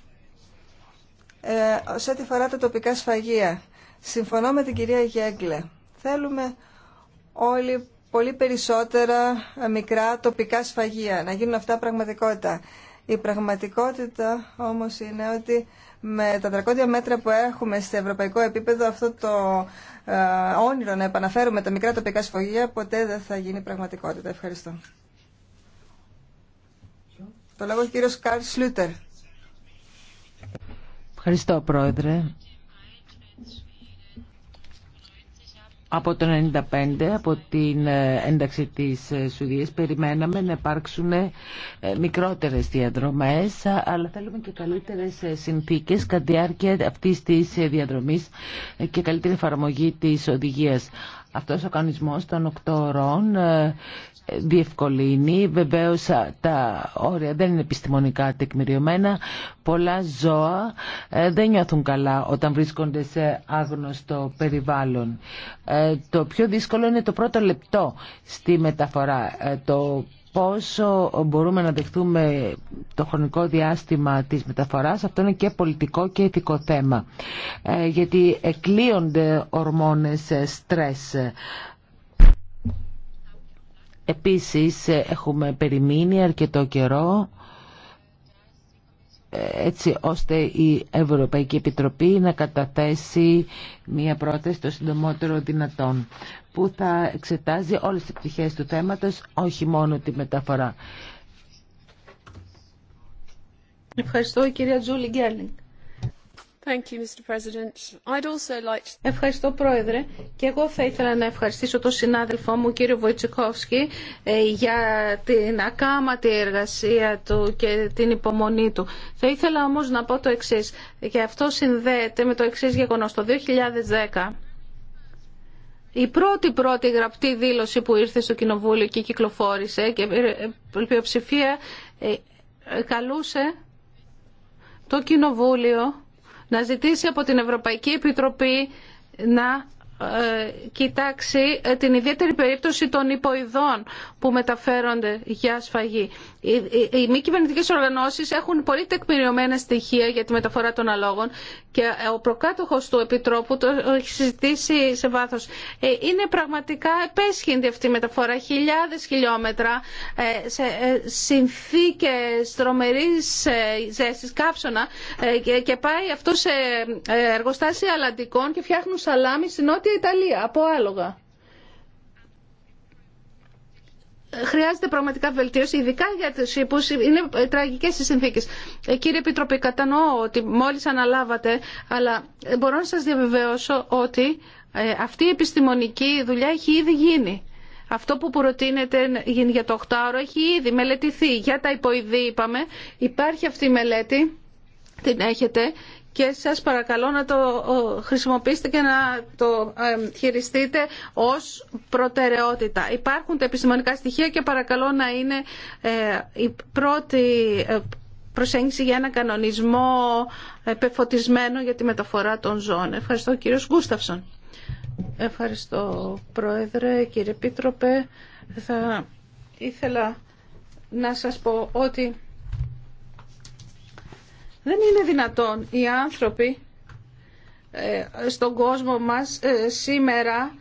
Ε, σε ό,τι φορά τα τοπικά σφαγεία, συμφωνώ με την κυρία Γέγκλε. Θέλουμε όλοι πολύ περισσότερα μικρά τοπικά σφαγεία, να γίνουν αυτά πραγματικότητα. Η πραγματικότητα όμως είναι ότι με τα τρακόντια μέτρα που έχουμε σε ευρωπαϊκό επίπεδο αυτό το ε, όνειρο να επαναφέρουμε τα μικρά τοπικά σφαγεία ποτέ δεν θα γίνει πραγματικότητα. Ευχαριστώ. Το λόγο κύριος Καρλ Σλούτερ. Ευχαριστώ πρόεδρε. Από το 1995, από την ε, ένταξη της ε, Σουηδίας, περιμέναμε να υπάρξουν ε, μικρότερες διαδρομές, αλλά θέλουμε και καλύτερες συνθήκες κατά τη διάρκεια αυτής της διαδρομής και καλύτερη εφαρμογή της οδηγίας. Αυτός ο κανονισμός των οκτώ ωρών ε, διευκολύνει. Βεβαίως τα όρια δεν είναι επιστημονικά τεκμηριωμένα. Πολλά ζώα ε, δεν νιώθουν καλά όταν βρίσκονται σε άγνωστο περιβάλλον. Ε, το πιο δύσκολο είναι το πρώτο λεπτό στη μεταφορά. Το πόσο μπορούμε να δεχτούμε το χρονικό διάστημα της μεταφοράς, αυτό είναι και πολιτικό και ηθικό θέμα. Ε, γιατί εκλείονται ορμόνες ε, στρες. Επίσης ε, έχουμε περιμείνει αρκετό καιρό έτσι ώστε η Ευρωπαϊκή Επιτροπή να καταθέσει μία πρόταση το συντομότερο δυνατόν που θα εξετάζει όλες τις πτυχές του θέματος, όχι μόνο τη μεταφορά. Ευχαριστώ κυρία Τζούλη Γκέρλινγκ. Thank you, Mr. President. I'd also like to... Ευχαριστώ Πρόεδρε και εγώ θα ήθελα να ευχαριστήσω τον συνάδελφό μου κύριο Βοητσικόφσκι ε, για την ακάματη εργασία του και την υπομονή του. Θα ήθελα όμως να πω το εξής και αυτό συνδέεται με το εξής γεγονός. Το 2010 η πρώτη πρώτη γραπτή δήλωση που ήρθε στο Κοινοβούλιο και κυκλοφόρησε και η πλειοψηφία ε, καλούσε το Κοινοβούλιο να ζητήσει από την Ευρωπαϊκή Επιτροπή να ε, κοιτάξει ε, την ιδιαίτερη περίπτωση των υποειδών που μεταφέρονται για σφαγή. Οι μη κυβερνητικέ οργανώσει έχουν πολύ τεκμηριωμένα στοιχεία για τη μεταφορά των αλόγων και ε, ο προκάτοχο του Επιτρόπου το έχει συζητήσει σε βάθο. Ε, είναι πραγματικά επέσχυντη αυτή η μεταφορά, χιλιάδε χιλιόμετρα ε, σε συνθήκε τρομερή ζέστη, κάψωνα και πάει αυτό σε εργοστάσια αλαντικών και φτιάχνουν σαλάμι στην Νότια Ιταλία από άλογα χρειάζεται πραγματικά βελτίωση, ειδικά για τους ύπους, είναι τραγικές οι συνθήκες. Ε, κύριε Επιτροπή, κατανοώ ότι μόλις αναλάβατε, αλλά μπορώ να σας διαβεβαιώσω ότι ε, αυτή η επιστημονική δουλειά έχει ήδη γίνει. Αυτό που προτείνεται για το 8ωρο έχει ήδη μελετηθεί. Για τα υποειδή είπαμε, υπάρχει αυτή η μελέτη, την έχετε και σας παρακαλώ να το χρησιμοποιήσετε και να το χειριστείτε ως προτεραιότητα. Υπάρχουν τα επιστημονικά στοιχεία και παρακαλώ να είναι ε, η πρώτη ε, προσέγγιση για ένα κανονισμό πεφωτισμένο για τη μεταφορά των ζώων. Ευχαριστώ κύριος Γκούσταυσον. Ευχαριστώ Πρόεδρε, κύριε Πίτροπε. Θα ήθελα να σας πω ότι δεν είναι δυνατόν οι άνθρωποι ε, στον κόσμο μας ε, σήμερα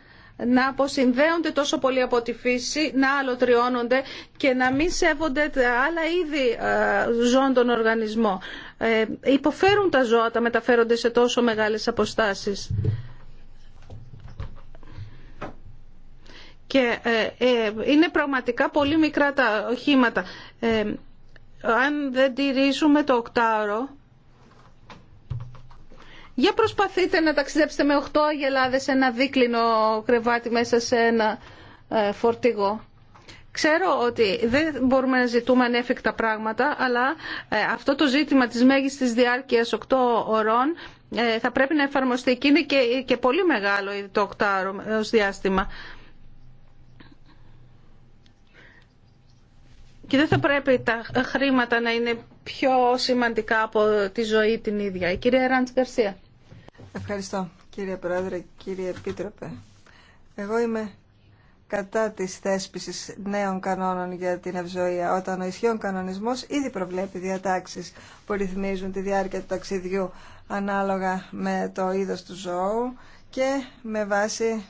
να αποσυνδέονται τόσο πολύ από τη φύση, να αλωτριώνονται και να μην σέβονται τα άλλα είδη ε, ζώων των οργανισμό. Υποφέρουν τα ζώα τα μεταφέρονται σε τόσο μεγάλες αποστάσεις. Και είναι πραγματικά πολύ μικρά τα οχήματα αν δεν τηρήσουμε το οκτάωρο, για προσπαθείτε να ταξιδέψετε με 8 αγελάδες σε ένα δίκλινο κρεβάτι μέσα σε ένα ε, φορτηγό. Ξέρω ότι δεν μπορούμε να ζητούμε ανέφικτα πράγματα, αλλά ε, αυτό το ζήτημα της μέγιστης διάρκειας 8 ωρών ε, θα πρέπει να εφαρμοστεί και είναι και, πολύ μεγάλο το οκτάωρο ως διάστημα. Και δεν θα πρέπει τα χρήματα να είναι πιο σημαντικά από τη ζωή την ίδια. Η κυρία Ράντς Γκαρσία. Ευχαριστώ κύριε Πρόεδρε, κύριε Επίτροπε. Εγώ είμαι κατά της θέσπισης νέων κανόνων για την ευζοία, όταν ο ισχύων κανονισμός ήδη προβλέπει διατάξεις που ρυθμίζουν τη διάρκεια του ταξιδιού ανάλογα με το είδος του ζώου και με βάση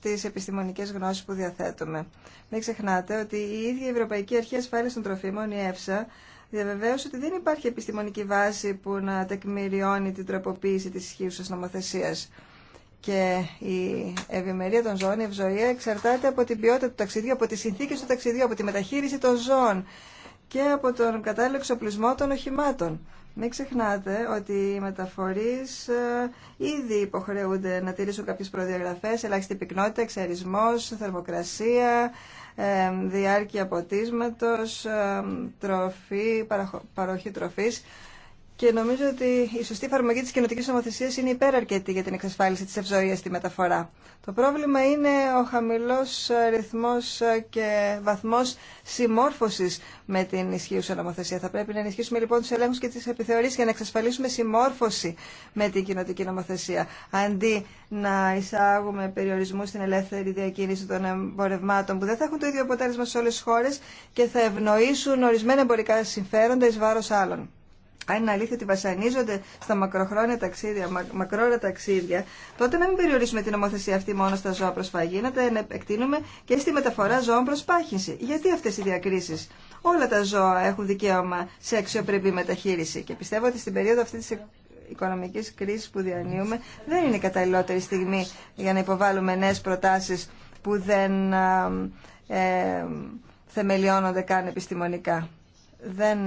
τις επιστημονικές γνώσεις που διαθέτουμε. Μην ξεχνάτε ότι η ίδια η Ευρωπαϊκή Αρχή Ασφάλειας των Τροφίμων, η ΕΦΣΑ, διαβεβαίωσε ότι δεν υπάρχει επιστημονική βάση που να τεκμηριώνει την τροποποίηση της ισχύουσας νομοθεσίας. Και η ευημερία των ζώων, η ευζοία, εξαρτάται από την ποιότητα του ταξιδιού, από τις συνθήκες του ταξιδιού, από τη μεταχείριση των ζώων και από τον κατάλληλο εξοπλισμό των οχημάτων. Μην ξεχνάτε ότι οι μεταφορείς ε, ήδη υποχρεούνται να τηρήσουν κάποιες προδιαγραφές, ελάχιστη πυκνότητα, εξαρισμός, θερμοκρασία, ε, διάρκεια ποτίσματος, ε, τροφή, παροχή τροφής. Και νομίζω ότι η σωστή εφαρμογή τη κοινοτική νομοθεσία είναι υπεραρκετή για την εξασφάλιση τη ευζοία στη μεταφορά. Το πρόβλημα είναι ο χαμηλό ρυθμό και βαθμό συμμόρφωση με την ισχύουσα νομοθεσία. Θα πρέπει να ενισχύσουμε λοιπόν του ελέγχου και τι επιθεωρήσει για να εξασφαλίσουμε συμμόρφωση με την κοινοτική νομοθεσία. Αντί να εισάγουμε περιορισμού στην ελεύθερη διακίνηση των εμπορευμάτων που δεν θα έχουν το ίδιο αποτέλεσμα σε όλε τι χώρε και θα ευνοήσουν ορισμένα εμπορικά συμφέροντα ει βάρο άλλων αν είναι αλήθεια ότι βασανίζονται στα μακροχρόνια ταξίδια, μα, μακρόρα ταξίδια, τότε να μην περιορίσουμε την ομοθεσία αυτή μόνο στα ζώα φαγή, να τα εκτείνουμε και στη μεταφορά ζώων προ πάχυνση. Γιατί αυτέ οι διακρίσει. Όλα τα ζώα έχουν δικαίωμα σε αξιοπρεπή μεταχείριση και πιστεύω ότι στην περίοδο αυτή τη οικονομική κρίση που διανύουμε δεν είναι η καταλληλότερη στιγμή για να υποβάλουμε νέε προτάσει που δεν ε, θεμελιώνονται καν επιστημονικά. Δεν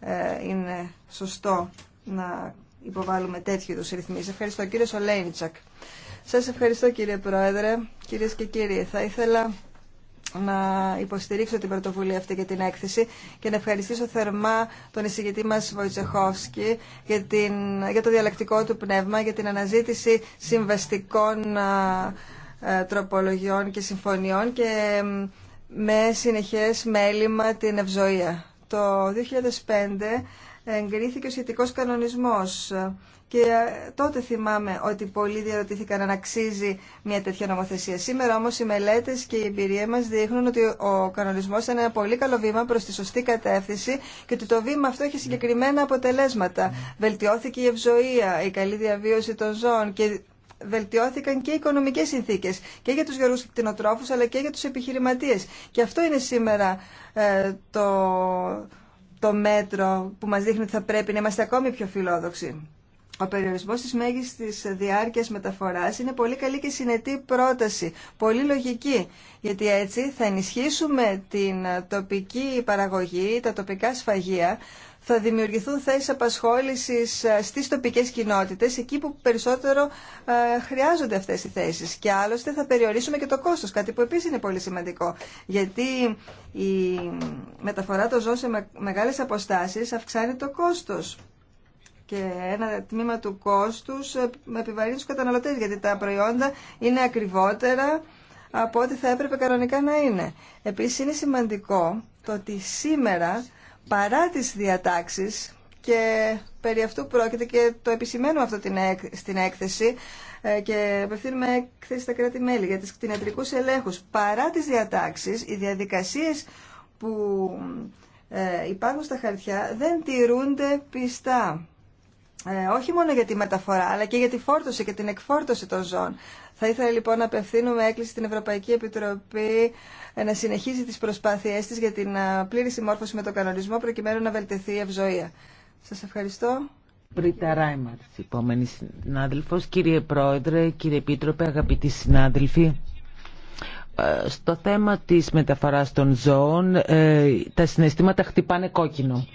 ε, είναι σωστό να υποβάλουμε τέτοιου είδους ρυθμίσει. Ευχαριστώ κύριε Σολέιντσακ. Σας ευχαριστώ κύριε Πρόεδρε, κυρίες και κύριοι. Θα ήθελα να υποστηρίξω την πρωτοβουλία αυτή και την έκθεση και να ευχαριστήσω θερμά τον εισηγητή μας Βοητσεχόφσκι για, την, για το διαλεκτικό του πνεύμα, για την αναζήτηση συμβαστικών ε, τροπολογιών και συμφωνιών και με συνεχές μέλημα την ευζοία. Το 2005 εγκρίθηκε ο σχετικός κανονισμός και ε, τότε θυμάμαι ότι πολλοί διαρωτήθηκαν αν αξίζει μια τέτοια νομοθεσία. Σήμερα όμως οι μελέτες και η εμπειρία μας δείχνουν ότι ο κανονισμός ήταν ένα πολύ καλό βήμα προς τη σωστή κατεύθυνση και ότι το βήμα αυτό έχει συγκεκριμένα αποτελέσματα. Βελτιώθηκε η ευζοία, η καλή διαβίωση των ζώων και βελτιώθηκαν και οι οικονομικές συνθήκες και για τους γεωργούς κτηνοτρόφου αλλά και για τους επιχειρηματίες. Και αυτό είναι σήμερα ε, το, το μέτρο που μας δείχνει ότι θα πρέπει να είμαστε ακόμη πιο φιλόδοξοι. Ο περιορισμό τη μέγιστη διάρκεια μεταφορά είναι πολύ καλή και συνετή πρόταση. Πολύ λογική. Γιατί έτσι θα ενισχύσουμε την τοπική παραγωγή, τα τοπικά σφαγεία, θα δημιουργηθούν θέσεις απασχόλησης ε, στις τοπικές κοινότητες, εκεί που περισσότερο ε, χρειάζονται αυτές οι θέσεις. Και άλλωστε θα περιορίσουμε και το κόστος, κάτι που επίσης είναι πολύ σημαντικό. Γιατί η μεταφορά των ζώων σε μεγάλες αποστάσεις αυξάνει το κόστος και ένα τμήμα του κόστους με επιβαρύνει τους καταναλωτές γιατί τα προϊόντα είναι ακριβότερα από ό,τι θα έπρεπε κανονικά να είναι. Επίσης είναι σημαντικό το ότι σήμερα παρά τις διατάξεις και περί αυτού πρόκειται και το επισημαίνουμε αυτό στην έκθεση ε, και απευθύνουμε έκθεση στα κράτη-μέλη για τις κτηνιατρικούς ελέγχους. Παρά τις διατάξεις, οι διαδικασίες που ε, υπάρχουν στα χαρτιά δεν τηρούνται πιστά. Ε, όχι μόνο για τη μεταφορά, αλλά και για τη φόρτωση και την εκφόρτωση των ζώων. Θα ήθελα λοιπόν να απευθύνουμε έκκληση στην Ευρωπαϊκή Επιτροπή ε, να συνεχίσει τις προσπάθειές της για την ε, πλήρη συμμόρφωση με τον κανονισμό προκειμένου να βελτιωθεί η ευζοία. Σας ευχαριστώ. Πρίτα Ράιμαρτ, επόμενη συνάδελφος. Κύριε Πρόεδρε, κύριε Επίτροπε, αγαπητοί συνάδελφοι. Ε, στο θέμα της μεταφοράς των ζώων ε, τα συναισθήματα χτυπάνε κόκκινο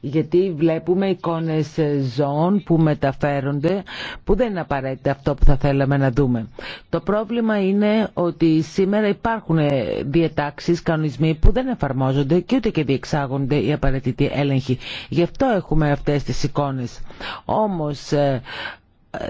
γιατί βλέπουμε εικόνες ε, ζώων που μεταφέρονται που δεν είναι απαραίτητα αυτό που θα θέλαμε να δούμε. Το πρόβλημα είναι ότι σήμερα υπάρχουν διατάξεις, κανονισμοί που δεν εφαρμόζονται και ούτε και διεξάγονται οι απαραίτητοι έλεγχοι. Γι' αυτό έχουμε αυτές τις εικόνες. Όμως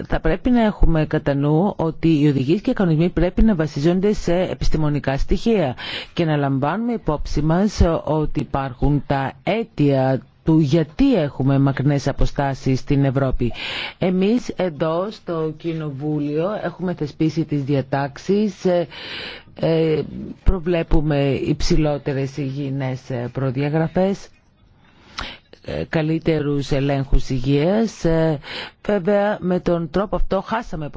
θα πρέπει να έχουμε κατά νου ότι οι οδηγίες και οι κανονισμοί πρέπει να βασίζονται σε επιστημονικά στοιχεία και να λαμβάνουμε υπόψη μας ότι υπάρχουν τα αίτια του γιατί έχουμε μακρινές αποστάσεις στην Ευρώπη. Εμείς εδώ στο Κοινοβούλιο έχουμε θεσπίσει τις διατάξεις, ε, ε, προβλέπουμε υψηλότερες υγιεινές προδιαγραφές ε, καλύτερους ελέγχους υγείας. Ε, βέβαια με τον τρόπο αυτό χάσαμε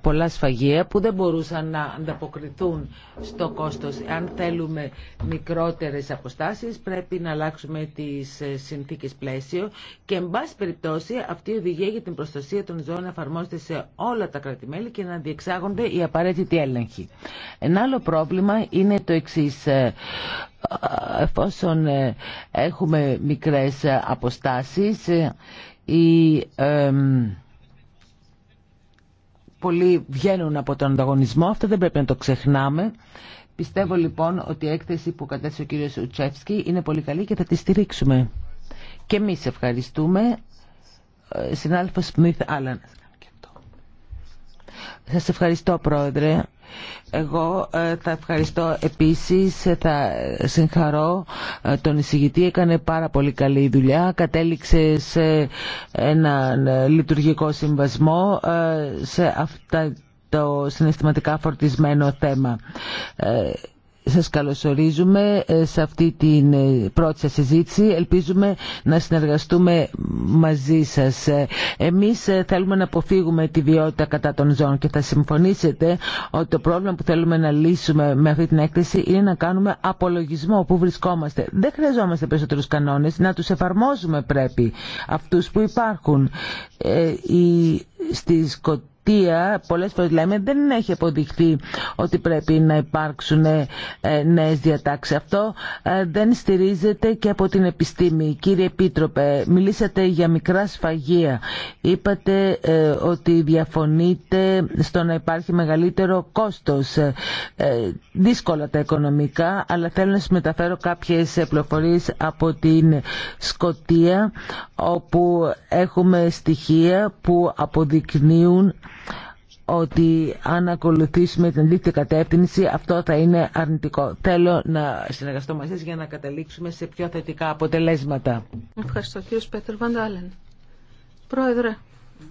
πολλά σφαγεία που δεν μπορούσαν να ανταποκριθούν στο κόστος. Αν θέλουμε μικρότερες αποστάσεις πρέπει να αλλάξουμε τις ε, συνθήκες πλαίσιο και εν πάση περιπτώσει αυτή η οδηγία για την προστασία των ζώων εφαρμόζεται σε όλα τα κρατημέλη και να διεξάγονται οι απαραίτητοι έλεγχοι. Ένα άλλο πρόβλημα είναι το εξής εφόσον ε, έχουμε μικρές ε, αποστάσεις ή ε, πολλοί βγαίνουν από τον ανταγωνισμό, αυτό δεν πρέπει να το ξεχνάμε. Πιστεύω λοιπόν ότι η έκθεση που κατέθεσε ο κύριος Ουτσέφσκι είναι πολύ καλή και θα τη στηρίξουμε. Και εμείς ευχαριστούμε. Ε, συνάλφος Σμιθ Άλλαν. Σας ευχαριστώ πρόεδρε. Εγώ ε, θα ευχαριστώ επίσης, ε, θα συγχαρώ ε, τον εισηγητή, έκανε πάρα πολύ καλή δουλειά, κατέληξε σε ένα λειτουργικό συμβασμό σε αυτά το συναισθηματικά φορτισμένο θέμα σας καλωσορίζουμε ε, σε αυτή την ε, πρώτη σας συζήτηση. Ελπίζουμε να συνεργαστούμε μαζί σας. Ε, εμείς θέλουμε να αποφύγουμε τη βιότητα κατά των ζώων και θα συμφωνήσετε ότι το πρόβλημα που θέλουμε να λύσουμε με αυτή την έκθεση είναι να κάνουμε απολογισμό που βρισκόμαστε. Δεν χρειαζόμαστε περισσότερους κανόνες, να τους εφαρμόζουμε πρέπει αυτούς που υπάρχουν. Ε, οι, αιτία, πολλές φορές λέμε, δεν έχει αποδειχθεί ότι πρέπει να υπάρξουν ε, νέες διατάξεις. Αυτό ε, δεν στηρίζεται και από την επιστήμη. Κύριε Επίτροπε, μιλήσατε για μικρά σφαγεία. Είπατε ε, ότι διαφωνείτε στο να υπάρχει μεγαλύτερο κόστος. Δύσκολα τα οικονομικά, αλλά θέλω να σας μεταφέρω κάποιες πληροφορίες από την Σκοτία, όπου έχουμε στοιχεία που αποδεικνύουν ότι αν ακολουθήσουμε την αντίθετη κατεύθυνση αυτό θα είναι αρνητικό. Θέλω να συνεργαστώ μαζί για να καταλήξουμε σε πιο θετικά αποτελέσματα. Ευχαριστώ κύριο Πέτερ Βαντάλεν. Πρόεδρε,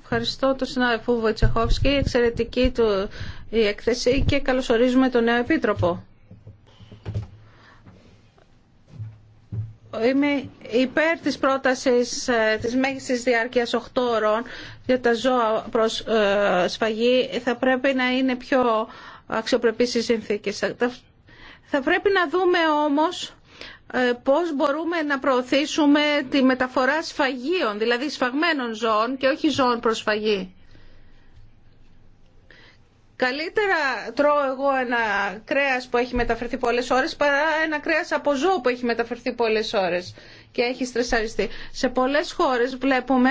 ευχαριστώ τον συνάδελφο Βοητσεχόφσκι, εξαιρετική του η έκθεση και καλωσορίζουμε τον νέο επίτροπο. είμαι υπέρ της πρότασης ε, της μέγιστης διάρκειας 8 ώρων για τα ζώα προς ε, σφαγή. Θα πρέπει να είναι πιο αξιοπρεπής οι συνθήκες. Θα πρέπει να δούμε όμως ε, πώς μπορούμε να προωθήσουμε τη μεταφορά σφαγίων, δηλαδή σφαγμένων ζώων και όχι ζώων προς σφαγή. Καλύτερα τρώω εγώ ένα κρέας που έχει μεταφερθεί πολλές ώρες παρά ένα κρέας από ζώο που έχει μεταφερθεί πολλές ώρες και έχει στρεσαριστεί. Σε πολλές χώρες βλέπουμε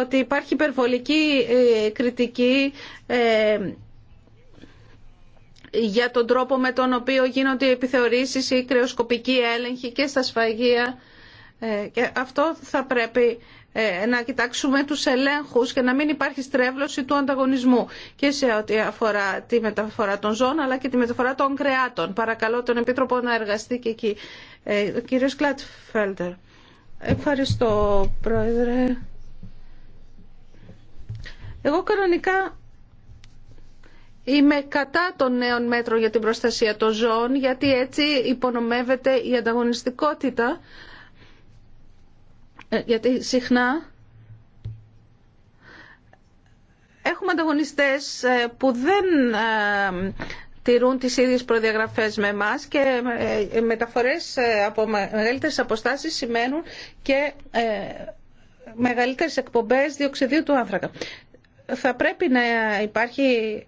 ότι υπάρχει υπερβολική ε, κριτική ε, για τον τρόπο με τον οποίο γίνονται οι επιθεωρήσεις ή κρεοσκοπικοί έλεγχοι και στα σφαγεία ε, και αυτό θα πρέπει ε, να κοιτάξουμε τους ελέγχους και να μην υπάρχει στρέβλωση του ανταγωνισμού και σε ό,τι αφορά τη μεταφορά των ζώων αλλά και τη μεταφορά των κρεάτων. Παρακαλώ τον Επίτροπο να εργαστεί και εκεί. Ε, ο κύριος Κλάτφελτερ. Ευχαριστώ, Πρόεδρε. Εγώ κανονικά είμαι κατά των νέων μέτρων για την προστασία των ζώων γιατί έτσι υπονομεύεται η ανταγωνιστικότητα ε, γιατί συχνά έχουμε ανταγωνιστές ε, που δεν ε, τηρούν τις ίδιες προδιαγραφές με εμά και μεταφορές από μεγαλύτερες αποστάσεις σημαίνουν και μεγαλύτερες εκπομπές διοξιδίου του άνθρακα. Θα πρέπει να υπάρχει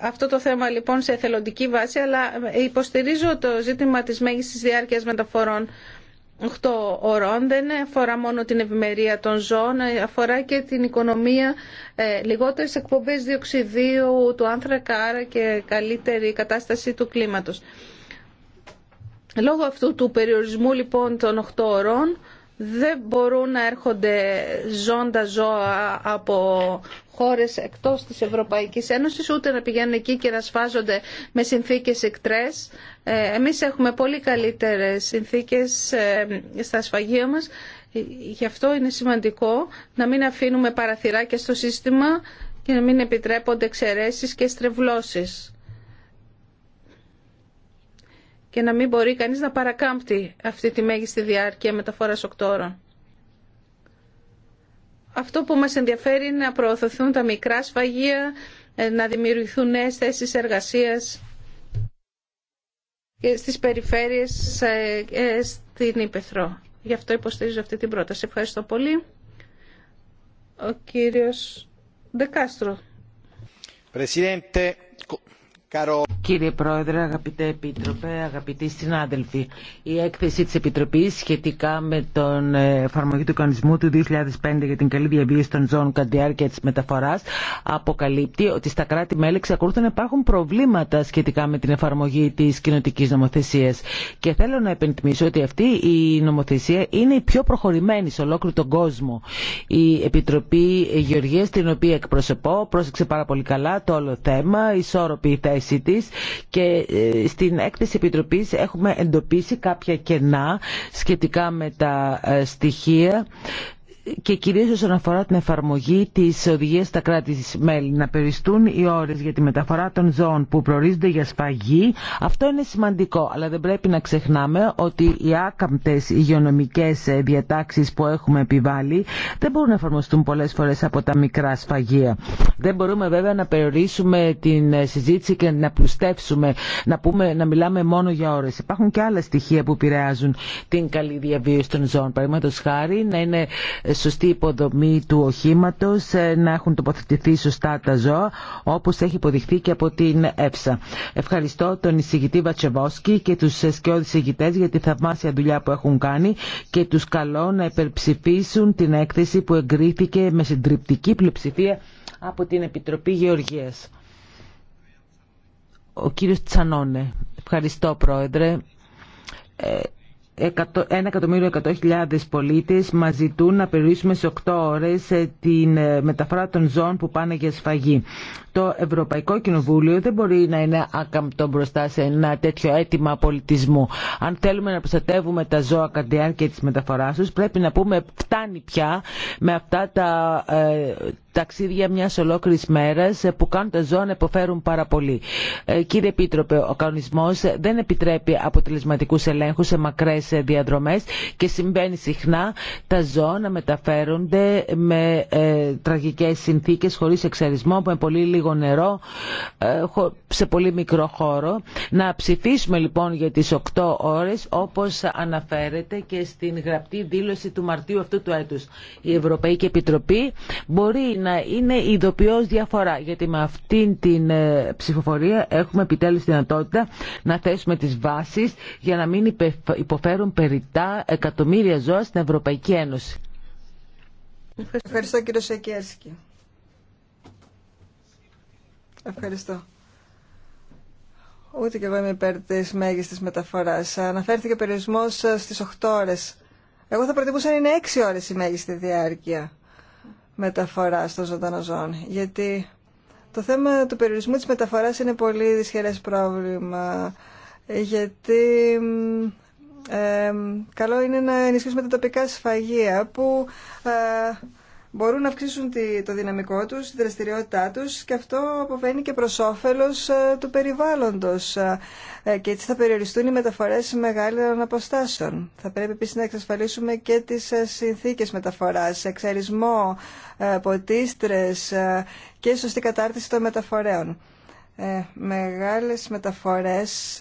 αυτό το θέμα λοιπόν σε εθελοντική βάση, αλλά υποστηρίζω το ζήτημα της μέγιστης διάρκειας μεταφορών 8 ωρών δεν αφορά μόνο την ευημερία των ζώων, αφορά και την οικονομία ε, λιγότερες εκπομπές διοξιδίου του άνθρακα, άρα και καλύτερη κατάσταση του κλίματος. Λόγω αυτού του περιορισμού λοιπόν των 8 ωρών, δεν μπορούν να έρχονται ζώντα ζώα από χώρες εκτός της Ευρωπαϊκής Ένωσης, ούτε να πηγαίνουν εκεί και να σφάζονται με συνθήκες εκτρές. Ε, εμείς έχουμε πολύ καλύτερες συνθήκες ε, στα σφαγεία μας. Γι' αυτό είναι σημαντικό να μην αφήνουμε παραθυράκια στο σύστημα και να μην επιτρέπονται εξαιρέσεις και στρεβλώσεις και να μην μπορεί κανείς να παρακάμπτει αυτή τη μέγιστη διάρκεια μεταφοράς οκτώρων. Αυτό που μας ενδιαφέρει είναι να προωθηθούν τα μικρά σφαγεία, ε, να δημιουργηθούν νέες θέσεις εργασίας και στις περιφέρειες ε, στην Ήπεθρο. Γι' αυτό υποστηρίζω αυτή την πρόταση. Ευχαριστώ πολύ. Ο κύριος Ντεκάστρο. Presidente, caro Κύριε Πρόεδρε, αγαπητέ Επίτροπε, αγαπητοί συνάδελφοι, η έκθεση της Επιτροπής σχετικά με τον ε, εφαρμογή του κανονισμού του 2005 για την καλή διαβίωση των ζώων κατά τη διάρκεια της μεταφοράς αποκαλύπτει ότι στα κράτη-μέλη εξακολουθούν να υπάρχουν προβλήματα σχετικά με την εφαρμογή της κοινοτικής νομοθεσίας. Και θέλω να επενθυμίσω ότι αυτή η νομοθεσία είναι η πιο προχωρημένη σε ολόκληρο τον κόσμο. Η Επιτροπή Γεωργίας, την οποία εκπροσωπώ, πρόσεξε πάρα πολύ καλά το όλο θέμα, ισόρροπη η και ε, στην έκθεση Επιτροπής έχουμε εντοπίσει κάποια κενά σχετικά με τα ε, στοιχεία και κυρίως όσον αφορά την εφαρμογή της οδηγίας στα κράτη μέλη να περιστούν οι ώρες για τη μεταφορά των ζώων που προορίζονται για σφαγή αυτό είναι σημαντικό αλλά δεν πρέπει να ξεχνάμε ότι οι άκαμπτες υγειονομικές διατάξεις που έχουμε επιβάλει δεν μπορούν να εφαρμοστούν πολλές φορές από τα μικρά σφαγεία δεν μπορούμε βέβαια να περιορίσουμε την συζήτηση και να πλουστεύσουμε να, πούμε, να μιλάμε μόνο για ώρες υπάρχουν και άλλα στοιχεία που επηρεάζουν την καλή διαβίωση των ζώων παραδείγματος χάρη να είναι σωστή υποδομή του οχήματος, ε, να έχουν τοποθετηθεί σωστά τα ζώα, όπως έχει υποδειχθεί και από την ΕΦΣΑ. Ευχαριστώ τον εισηγητή Βατσεβόσκη και τους σκιώδης εισηγητές για τη θαυμάσια δουλειά που έχουν κάνει και τους καλώ να υπερψηφίσουν την έκθεση που εγκρίθηκε με συντριπτική πλειοψηφία από την Επιτροπή Γεωργίας. Ο κύριος Τσανόνε. Ευχαριστώ, Πρόεδρε. Ε, 1.100.000 πολίτες μας ζητούν να περιορίσουμε σε 8 ώρες ε, την ε, μεταφορά των ζώων που πάνε για σφαγή. Το Ευρωπαϊκό Κοινοβούλιο δεν μπορεί να είναι άκαμπτο μπροστά σε ένα τέτοιο αίτημα πολιτισμού. Αν θέλουμε να προστατεύουμε τα ζώα κατά τη διάρκεια της μεταφοράς τους πρέπει να πούμε φτάνει πια με αυτά τα ε, ταξίδια μια ολόκληρη μέρα ε, που κάνουν τα ζώα να υποφέρουν πάρα πολύ. Ε, κύριε Επίτροπε, ο κανονισμό δεν επιτρέπει αποτελεσματικού ελέγχου σε μακρέ ε, διαδρομές και συμβαίνει συχνά τα ζώα να μεταφέρονται με ε, τραγικές συνθήκες χωρίς εξαρισμό, με πολύ λίγο νερό, ε, σε πολύ μικρό χώρο. Να ψηφίσουμε λοιπόν για τις 8 ώρες όπως αναφέρεται και στην γραπτή δήλωση του Μαρτίου αυτού του έτους. Η Ευρωπαϊκή Επιτροπή μπορεί να είναι ειδοποιός διαφορά γιατί με αυτή την ε, ψηφοφορία έχουμε επιτέλους δυνατότητα να θέσουμε τις βάσεις για να μην υποφεύγουμε περιτά εκατομμύρια ζώα στην Ευρωπαϊκή Ένωση. Ευχαριστώ κύριο Σεκέρσκι. Ευχαριστώ. Ούτε και εγώ είμαι υπέρ τη μέγιστη μεταφορά. Αναφέρθηκε ο περιορισμό στι 8 ώρε. Εγώ θα προτιμούσα να είναι 6 ώρε η μέγιστη διάρκεια μεταφορά των ζωντανών ζώων. Γιατί το θέμα του περιορισμού τη μεταφορά είναι πολύ δυσχερέ πρόβλημα. Γιατί καλό είναι να ενισχύσουμε τα τοπικά σφαγεία που ε, μπορούν να αυξήσουν τη, το δυναμικό τους, τη δραστηριότητά τους και αυτό αποβαίνει και προς όφελος ε, του περιβάλλοντος ε, και έτσι θα περιοριστούν οι μεταφορές μεγάλων αποστάσεων. Θα πρέπει επίσης να εξασφαλίσουμε και τις συνθήκες μεταφοράς, εξαρισμό, ποτίστρες και σωστή κατάρτιση των μεταφορέων. Μεγάλες μεταφορές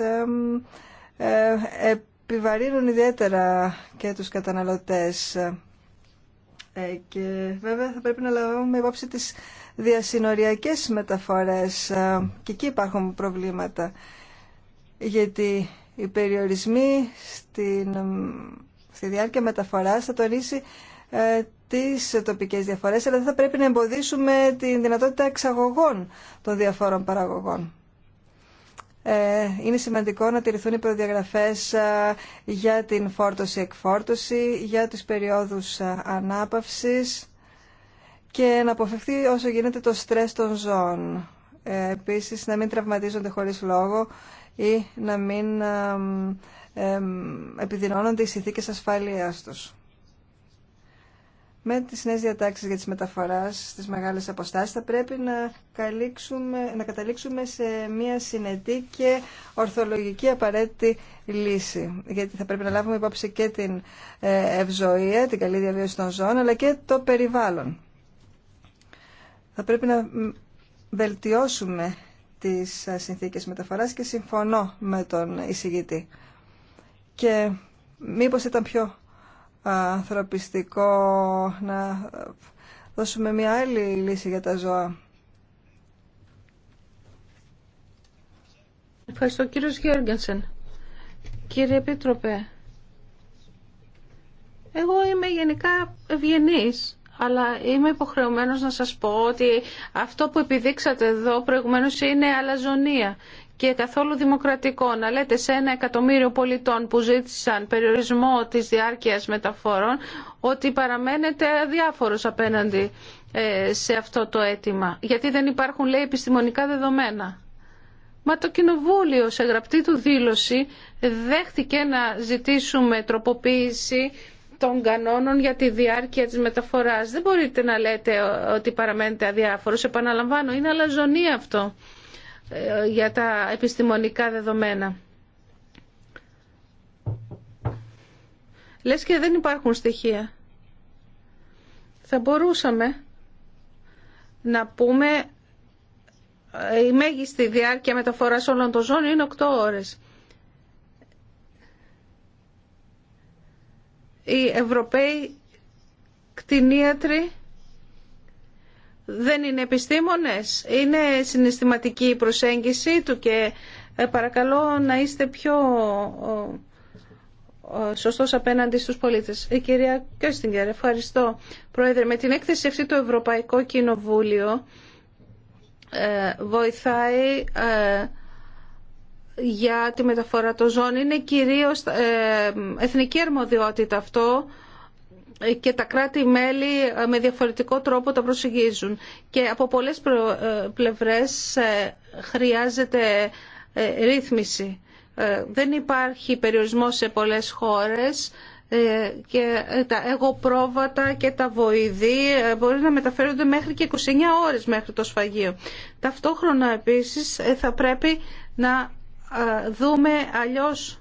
επιβαρύνουν ιδιαίτερα και τους καταναλωτές ε, και βέβαια θα πρέπει να λάβουμε υπόψη τις διασυνοριακές μεταφορές ε, και εκεί υπάρχουν προβλήματα γιατί οι περιορισμοί στην, στη διάρκεια μεταφοράς θα τονίσει ε, τις τοπικές διαφορές αλλά δεν θα πρέπει να εμποδίσουμε τη δυνατότητα εξαγωγών των διαφόρων παραγωγών. Ε, είναι σημαντικό να τηρηθούν οι προδιαγραφές ε, για την φόρτωση-εκφόρτωση, για τις περιόδους ε, ανάπαυσης και να αποφευθεί όσο γίνεται το στρες των ζώων. Επίσης, να μην τραυματίζονται χωρίς λόγο ή να μην επιδεινώνονται οι συνθήκες ασφαλείας τους με τις νέες διατάξει για τις μεταφορά στι μεγάλε αποστάσει θα πρέπει να, να καταλήξουμε σε μια συνετή και ορθολογική απαραίτητη λύση. Γιατί θα πρέπει να λάβουμε υπόψη και την ε, ευζοία, την καλή διαβίωση των ζώων, αλλά και το περιβάλλον. Θα πρέπει να βελτιώσουμε τις ε, συνθήκες μεταφοράς και συμφωνώ με τον εισηγητή. Και μήπως ήταν πιο ανθρωπιστικό, να δώσουμε μια άλλη λύση για τα ζώα. Ευχαριστώ κύριος Γιώργενσεν. Κύριε Επίτροπε, εγώ είμαι γενικά ευγενής, αλλά είμαι υποχρεωμένος να σας πω ότι αυτό που επιδείξατε εδώ προηγουμένως είναι αλαζονία και καθόλου δημοκρατικό να λέτε σε ένα εκατομμύριο πολιτών που ζήτησαν περιορισμό της διάρκειας μεταφορών ότι παραμένετε αδιάφορος απέναντι ε, σε αυτό το αίτημα. Γιατί δεν υπάρχουν, λέει, επιστημονικά δεδομένα. Μα το Κοινοβούλιο σε γραπτή του δήλωση δέχτηκε να ζητήσουμε τροποποίηση των κανόνων για τη διάρκεια της μεταφοράς. Δεν μπορείτε να λέτε ότι παραμένετε αδιάφορος. Επαναλαμβάνω, είναι αλαζονία αυτό. Ε, για τα επιστημονικά δεδομένα. Λες και δεν υπάρχουν στοιχεία. Θα μπορούσαμε να πούμε ε, η μέγιστη διάρκεια μεταφοράς όλων των ζώνων είναι 8 ώρες. Οι Ευρωπαίοι κτηνίατροι δεν είναι επιστήμονες. Είναι συναισθηματική η προσέγγιση του και ε, παρακαλώ να είστε πιο σωστός απέναντι στους πολίτες. Η κυρία Κιώστιγκερ, ευχαριστώ. Πρόεδρε, με την έκθεση αυτή το Ευρωπαϊκό Κοινοβούλιο ε, βοηθάει ε, για τη μεταφορά των ζώων. Είναι κυρίως εθνική αρμοδιότητα αυτό και τα κράτη-μέλη ε, με διαφορετικό τρόπο τα προσεγγίζουν. Και από πολλές ε, πλευρές ε, χρειάζεται ρύθμιση. Δεν υπάρχει περιορισμό σε πολλές χώρες και τα εγωπρόβατα και τα βοηδή μπορεί να μεταφέρονται μέχρι και 29 ώρες μέχρι το σφαγείο. Ταυτόχρονα επίσης θα πρέπει να δούμε αλλιώς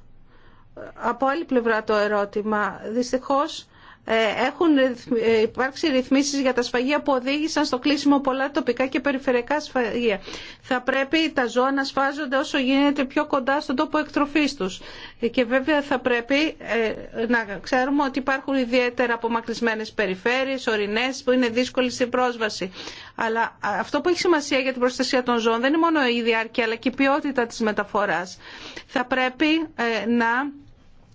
από άλλη πλευρά το ερώτημα. Δυστυχώς ε, έχουν ε, υπάρξει ρυθμίσεις για τα σφαγεία που οδήγησαν στο κλείσιμο πολλά τοπικά και περιφερειακά σφαγεία. Θα πρέπει τα ζώα να σφάζονται όσο γίνεται πιο κοντά στον τόπο εκτροφής τους. Και βέβαια θα πρέπει ε, να ξέρουμε ότι υπάρχουν ιδιαίτερα απομακρυσμένες περιφέρειες, ορεινές που είναι δύσκολη στην πρόσβαση. Αλλά αυτό που έχει σημασία για την προστασία των ζώων δεν είναι μόνο η διάρκεια αλλά και η ποιότητα της μεταφοράς. Θα πρέπει να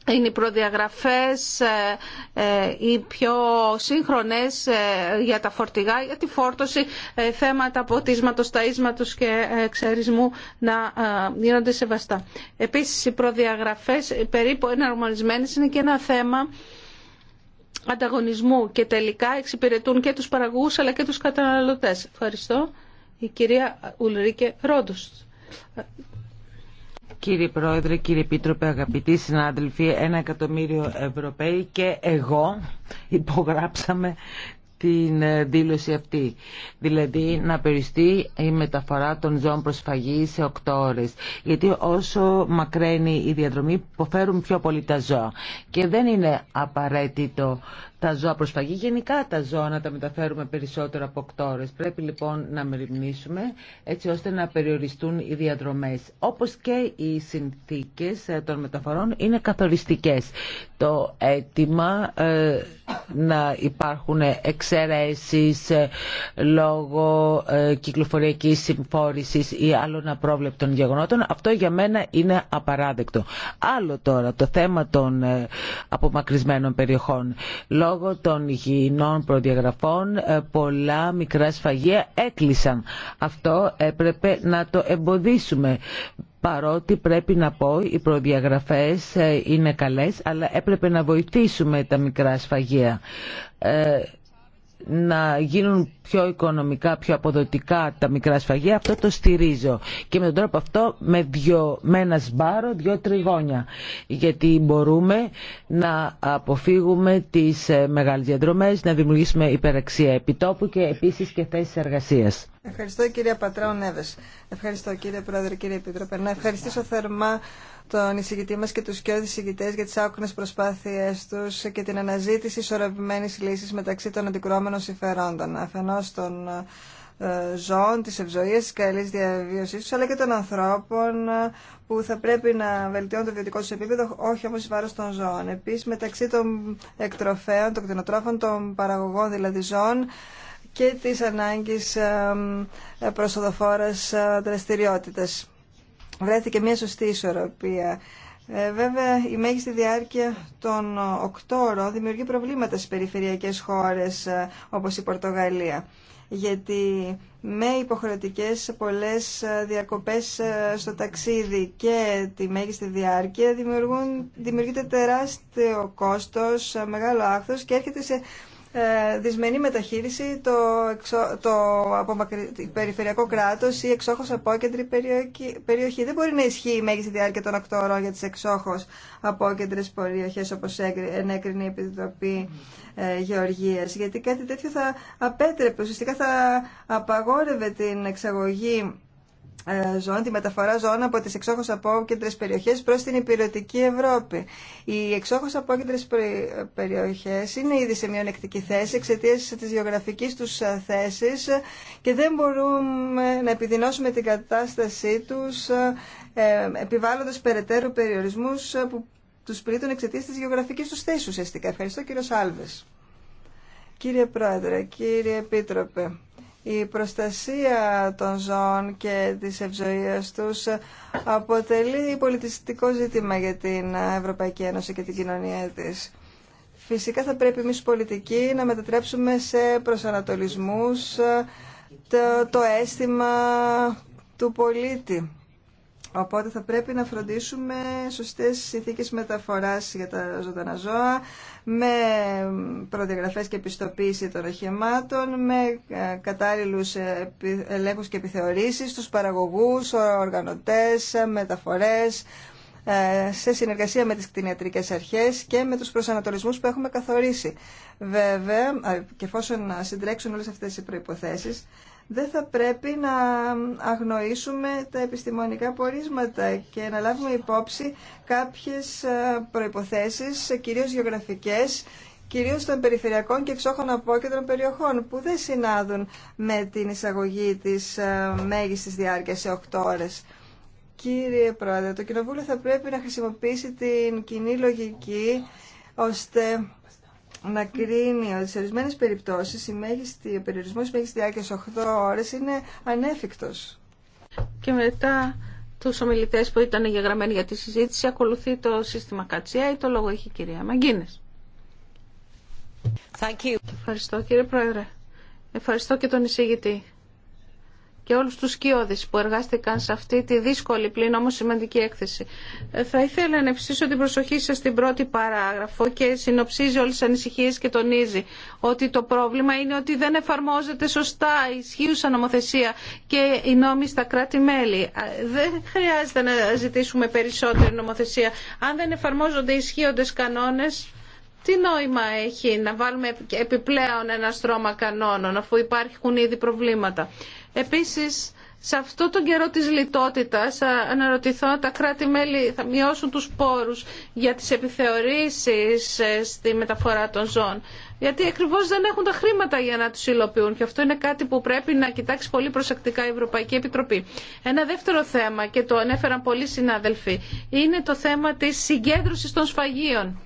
είναι οι προδιαγραφές ε, ε, οι πιο σύγχρονες ε, για τα φορτηγά, για τη φόρτωση, θέματα ποτίσματος, ταΐσματος και εξαρισμού να γίνονται σεβαστά. Επίσης οι προδιαγραφές περίπου εναρμονισμένες είναι και ένα θέμα ανταγωνισμού και τελικά εξυπηρετούν και τους παραγωγούς αλλά και τους καταναλωτές. Ευχαριστώ. Η κυρία Ουλρίκε Ρόντος. Κύριε Πρόεδρε, κύριε Επίτροπε, αγαπητοί συνάδελφοι, ένα εκατομμύριο Ευρωπαίοι και εγώ υπογράψαμε την ε, δήλωση αυτή. Δηλαδή να περιστεί η μεταφορά των ζώων προσφαγή σε 8 ώρε. Γιατί όσο μακραίνει η διαδρομή υποφέρουν πιο πολύ τα ζώα. Και δεν είναι απαραίτητο τα ζώα προσφαγή. Γενικά τα ζώα να τα μεταφέρουμε περισσότερο από 8 Πρέπει λοιπόν να μεριμνήσουμε έτσι ώστε να περιοριστούν οι διαδρομές. Όπως και οι συνθήκες ε, των μεταφορών είναι καθοριστικές. Το αίτημα ε, να υπάρχουν εξαιρέσεις ε, λόγω ε, κυκλοφοριακής συμφόρησης ή άλλων απρόβλεπτων γεγονότων, αυτό για μένα είναι απαράδεκτο. Άλλο τώρα το θέμα των απομακρυσμένων περιοχών λόγω των υγιεινών προδιαγραφών ε, πολλά μικρά σφαγεία έκλεισαν. Αυτό έπρεπε να το εμποδίσουμε. Παρότι πρέπει να πω οι προδιαγραφές ε, είναι καλές αλλά έπρεπε να βοηθήσουμε τα μικρά σφαγεία. Ε, να γίνουν πιο οικονομικά, πιο αποδοτικά τα μικρά σφαγεία, αυτό το στηρίζω. Και με τον τρόπο αυτό με, δυο, με ένα σμπάρο, δυο τριγώνια. Γιατί μπορούμε να αποφύγουμε τις ε, μεγάλες διαδρομές, να δημιουργήσουμε υπεραξία επιτόπου και επίσης και θέσεις εργασίας. Ευχαριστώ κυρία Πατράων Νέβες. Ευχαριστώ κύριε Πρόεδρε, κύριε Επιτροπέ. Να ευχαριστήσω θερμά τον εισηγητή μα και του και εισηγητέ για τι άκουνε προσπάθειε του και την αναζήτηση ισορροπημένη λύση μεταξύ των αντικρώμενων συμφερόντων, Αφενό των ε, ζώων, της ευζοίας, της καλής διαβίωσής τους, αλλά και των ανθρώπων ε, που θα πρέπει να βελτιώνουν το βιωτικό τους επίπεδο, όχι όμως βάρος των ζώων. Επίσης, μεταξύ των εκτροφέων, των κτηνοτρόφων, των παραγωγών δηλαδή ζώων, και της ανάγκης ε, προσοδοφόρας δραστηριότητας βρέθηκε μια σωστή ισορροπία. Ε, βέβαια, η μέγιστη διάρκεια των οκτώρων δημιουργεί προβλήματα στις περιφερειακές χώρες ε, όπως η Πορτογαλία. Γιατί με υποχρεωτικές πολλές ε, διακοπές στο ταξίδι και τη μέγιστη διάρκεια δημιουργούν, δημιουργείται τεράστιο κόστος, μεγάλο άχθος και έρχεται σε ε, δυσμενή μεταχείριση το, το απομακρυ... περιφερειακό κράτος ή εξόχως απόκεντρη περιοχή. Δεν μπορεί να ισχύει η μέγιστη διάρκεια των 8 για τις εξόχως απόκεντρες περιοχές όπως ενέκρινε η Επιτροπή ε, Γεωργίας. Γιατί κάτι τέτοιο θα απέτρεπε, ουσιαστικά θα απαγόρευε την εξαγωγή ε, ζώων, τη μεταφορά ζώων από τις εξόχως απόκεντρε περιοχές προς την υπηρετική Ευρώπη. Οι εξόχως απόκεντρε περιοχές είναι ήδη σε μειονεκτική θέση εξαιτία τη γεωγραφική του ε, θέση και δεν μπορούμε να επιδεινώσουμε την κατάστασή τους ε, επιβάλλοντας περαιτέρω περιορισμούς που τους πλήττουν εξαιτία τη γεωγραφική του θέση ουσιαστικά. Ευχαριστώ κύριο Σάλβε. Κύριε Πρόεδρε, κύριε Επίτροπε, η προστασία των ζώων και της ευζοίας τους αποτελεί πολιτιστικό ζήτημα για την Ευρωπαϊκή Ένωση και την κοινωνία της. Φυσικά θα πρέπει εμείς πολιτικοί να μετατρέψουμε σε προσανατολισμούς το, το αίσθημα του πολίτη Οπότε θα πρέπει να φροντίσουμε σωστές συνθήκες μεταφοράς για τα ζωντανά ζώα, με προδιαγραφές και επιστοποίηση των οχημάτων, με ε, κατάλληλους ε, ελέγχους και επιθεωρήσεις, τους παραγωγούς, οργανωτές, ε, μεταφορές, σε συνεργασία με τις κτηνιατρικές αρχές και με τους προσανατολισμούς που έχουμε καθορίσει. Βέβαια, και εφόσον συντρέξουν όλες αυτές οι προϋποθέσεις, δεν θα πρέπει να αγνοήσουμε τα επιστημονικά πορίσματα και να λάβουμε υπόψη κάποιες ε, προϋποθέσεις, ε, κυρίως γεωγραφικές, κυρίως των περιφερειακών και εξόχων απόκεντρων περιοχών, που δεν συνάδουν με την εισαγωγή της ε, μέγιστης διάρκειας σε 8 ώρες. Κύριε Πρόεδρε, το Κοινοβούλιο θα πρέπει να χρησιμοποιήσει την κοινή λογική ώστε να κρίνει ότι σε ορισμένε περιπτώσει ο περιορισμό τη μέγιστη διάρκεια 8 ώρε είναι ανέφικτο. Και μετά του ομιλητέ που ήταν εγγεγραμμένοι για τη συζήτηση, ακολουθεί το σύστημα Κατσία ή το λόγο έχει η κυρία Μαγκίνε. Ευχαριστώ κύριε Πρόεδρε. Ευχαριστώ και τον εισηγητή και όλους τους σκιώδεις που εργάστηκαν σε αυτή τη δύσκολη πλήν όμως σημαντική έκθεση. Ε, θα ήθελα να ευσύσω την προσοχή σας στην πρώτη παράγραφο και συνοψίζει όλες τις ανησυχίες και τονίζει ότι το πρόβλημα είναι ότι δεν εφαρμόζεται σωστά η ισχύουσα νομοθεσία και οι νόμοι στα κράτη-μέλη. Ε, δεν χρειάζεται να ζητήσουμε περισσότερη νομοθεσία. Αν δεν εφαρμόζονται οι ισχύοντες κανόνες, τι νόημα έχει να βάλουμε επιπλέον ένα στρώμα κανόνων αφού υπάρχουν ήδη προβλήματα. Επίσης, σε αυτό τον καιρό της λιτότητας αναρωτηθώ αν τα κράτη-μέλη θα μειώσουν τους πόρους για τις επιθεωρήσεις ε, στη μεταφορά των ζώων. Γιατί ακριβώ δεν έχουν τα χρήματα για να τους υλοποιούν και αυτό είναι κάτι που πρέπει να κοιτάξει πολύ προσεκτικά η Ευρωπαϊκή Επιτροπή. Ένα δεύτερο θέμα και το ανέφεραν πολλοί συνάδελφοι είναι το θέμα της συγκέντρωσης των σφαγείων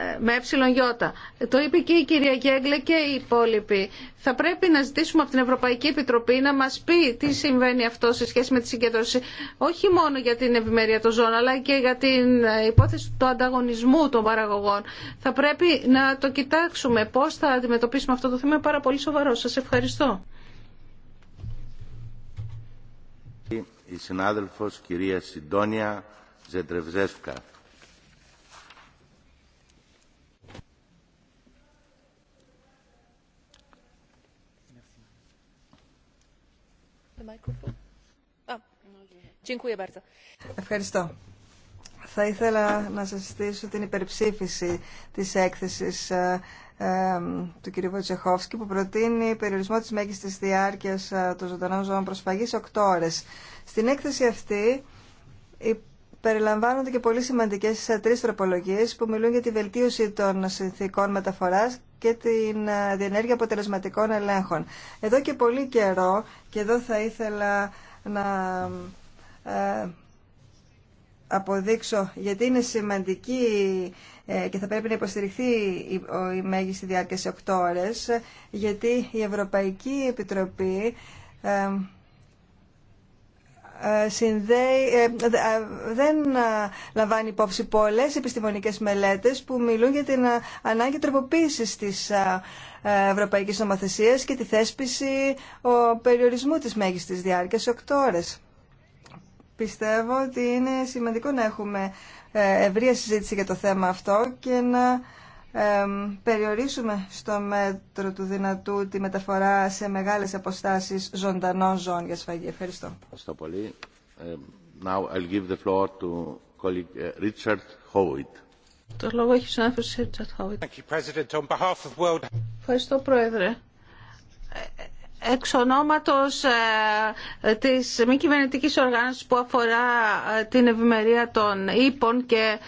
ε, με ΕΙ. Το είπε και η κυρία Γέγλε και οι υπόλοιποι. Θα πρέπει να ζητήσουμε από την Ευρωπαϊκή Επιτροπή να μας πει τι συμβαίνει αυτό σε σχέση με τη συγκέντρωση. Όχι μόνο για την ευημερία των ζώων, αλλά και για την ε, υπόθεση του ανταγωνισμού των παραγωγών. Θα πρέπει να το κοιτάξουμε πώς θα αντιμετωπίσουμε αυτό το θέμα. πάρα πολύ σοβαρό. Σα ευχαριστώ. Η κυρία Ευχαριστώ. Θα ήθελα να σας στήσω την υπερψήφιση της έκθεσης ε, ε του κ. Βοτσεχόφσκη που προτείνει περιορισμό της μέγιστης διάρκειας ε, των ζωντανών ζώων προσφαγής 8 ώρες. Στην έκθεση αυτή περιλαμβάνονται και πολύ σημαντικές ε, τρεις τροπολογίες που μιλούν για τη βελτίωση των συνθήκων μεταφοράς και την ε, διενέργεια αποτελεσματικών ελέγχων. Εδώ και πολύ καιρό, και εδώ θα ήθελα να ε, αποδείξω γιατί είναι σημαντική και θα πρέπει να υποστηριχθεί η μέγιστη διάρκεια σε 8 ώρες, γιατί η Ευρωπαϊκή Επιτροπή ε, ε, δεν ε, λαμβάνει υπόψη πολλές επιστημονικές μελέτες που μιλούν για την ανάγκη τροποποίησης της Ευρωπαϊκής Νομοθεσίας και τη θέσπιση περιορισμού της μέγιστης διάρκειας 8 ώρες. Πιστεύω ότι είναι σημαντικό να έχουμε ευρεία συζήτηση για το θέμα αυτό και να περιορίσουμε στο μέτρο του δυνατού τη μεταφορά σε μεγάλες αποστάσεις ζωντανών ζώων για σφαγή. Ευχαριστώ. Ευχαριστώ πολύ. Now I'll give the floor to colleague ε, Richard Howitt. Το λόγο έχει ο συνάδελφος Richard Howitt. Ευχαριστώ, Πρόεδρε ε, εξ ονόματος ε, της μη κυβερνητικής οργάνωσης που αφορά την ευημερία των ύπων και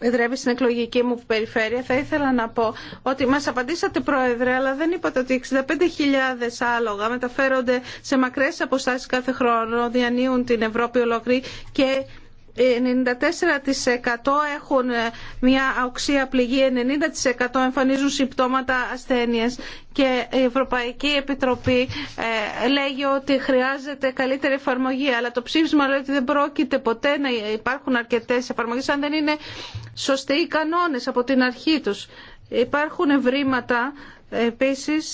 εδρεύει στην εκλογική μου περιφέρεια, θα ήθελα να πω ότι μας απαντήσατε πρόεδρε, αλλά δεν είπατε ότι 65.000 άλογα μεταφέρονται σε μακρές αποστάσεις κάθε χρόνο, διανύουν την Ευρώπη ολόκληρη και 94% έχουν ε, μια αοξία πληγή, 90% εμφανίζουν συμπτώματα ασθένειας και η Ευρωπαϊκή Επιτροπή ε, λέγει ότι χρειάζεται καλύτερη εφαρμογή αλλά το ψήφισμα λέει ότι δεν πρόκειται ποτέ να υπάρχουν αρκετές εφαρμογές αν δεν είναι σωστοί οι κανόνες από την αρχή τους. Υπάρχουν ευρήματα ε, επίσης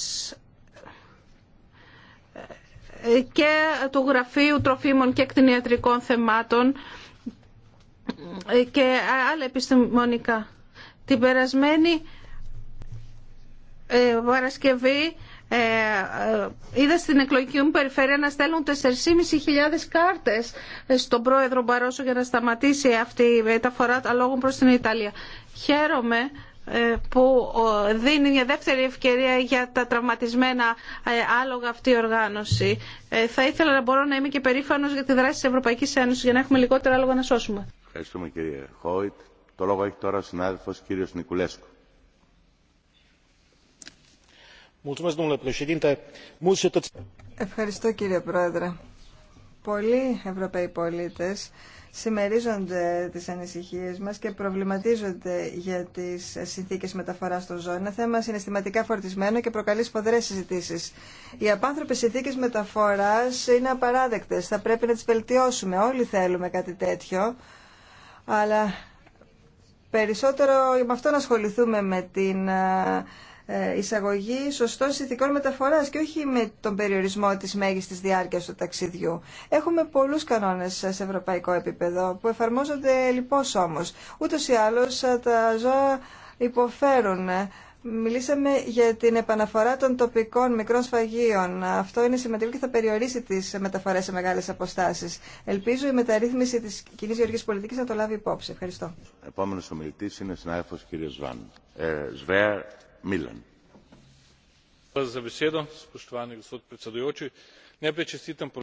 και του Γραφείου Τροφίμων και Κτηνιατρικών Θεμάτων και άλλα επιστημονικά. Την περασμένη ε, Παρασκευή ε, ε, είδα στην εκλογική μου περιφέρεια να στέλνουν 4.500 κάρτες στον πρόεδρο Μπαρόσο για να σταματήσει αυτή η μεταφορά λόγων προς την Ιταλία. Χαίρομαι ε, που δίνει μια δεύτερη ευκαιρία για τα τραυματισμένα ε, άλογα αυτή η οργάνωση. Ε, θα ήθελα να μπορώ να είμαι και περήφανος για τη δράση της Ευρωπαϊκής Ένωσης για να έχουμε λιγότερα άλογα να σώσουμε. Ευχαριστούμε κύριε Χόιτ. Το λόγο έχει τώρα ο συνάδελφος κύριος Νικουλέσκου. Ευχαριστώ κύριε Πρόεδρε. Πολλοί Ευρωπαίοι πολίτες συμμερίζονται τις ανησυχίες μας και προβληματίζονται για τις συνθήκες μεταφοράς των ζώων. Ένα θέμα συναισθηματικά φορτισμένο και προκαλεί σποδρές συζητήσεις. Οι απάνθρωπες συνθήκες μεταφοράς είναι απαράδεκτες. Θα πρέπει να τις βελτιώσουμε. Όλοι θέλουμε κάτι τέτοιο. Αλλά περισσότερο με αυτό να ασχοληθούμε με την ε, εισαγωγή σωστών συνθηκών μεταφορά και όχι με τον περιορισμό τη μέγιστη διάρκεια του ταξιδιού. Έχουμε πολλού κανόνε σε ευρωπαϊκό επίπεδο που εφαρμόζονται λοιπώς όμω. Ούτω ή άλλω ε, τα ζώα υποφέρουν. Μιλήσαμε για την επαναφορά των τοπικών μικρών σφαγείων. Αυτό είναι σημαντικό και θα περιορίσει τι μεταφορέ σε μεγάλε αποστάσει. Ελπίζω η μεταρρύθμιση τη κοινή γεωργική πολιτική να το λάβει υπόψη. Ευχαριστώ. Επόμενο ομιλητή είναι ο συνάδελφο κ.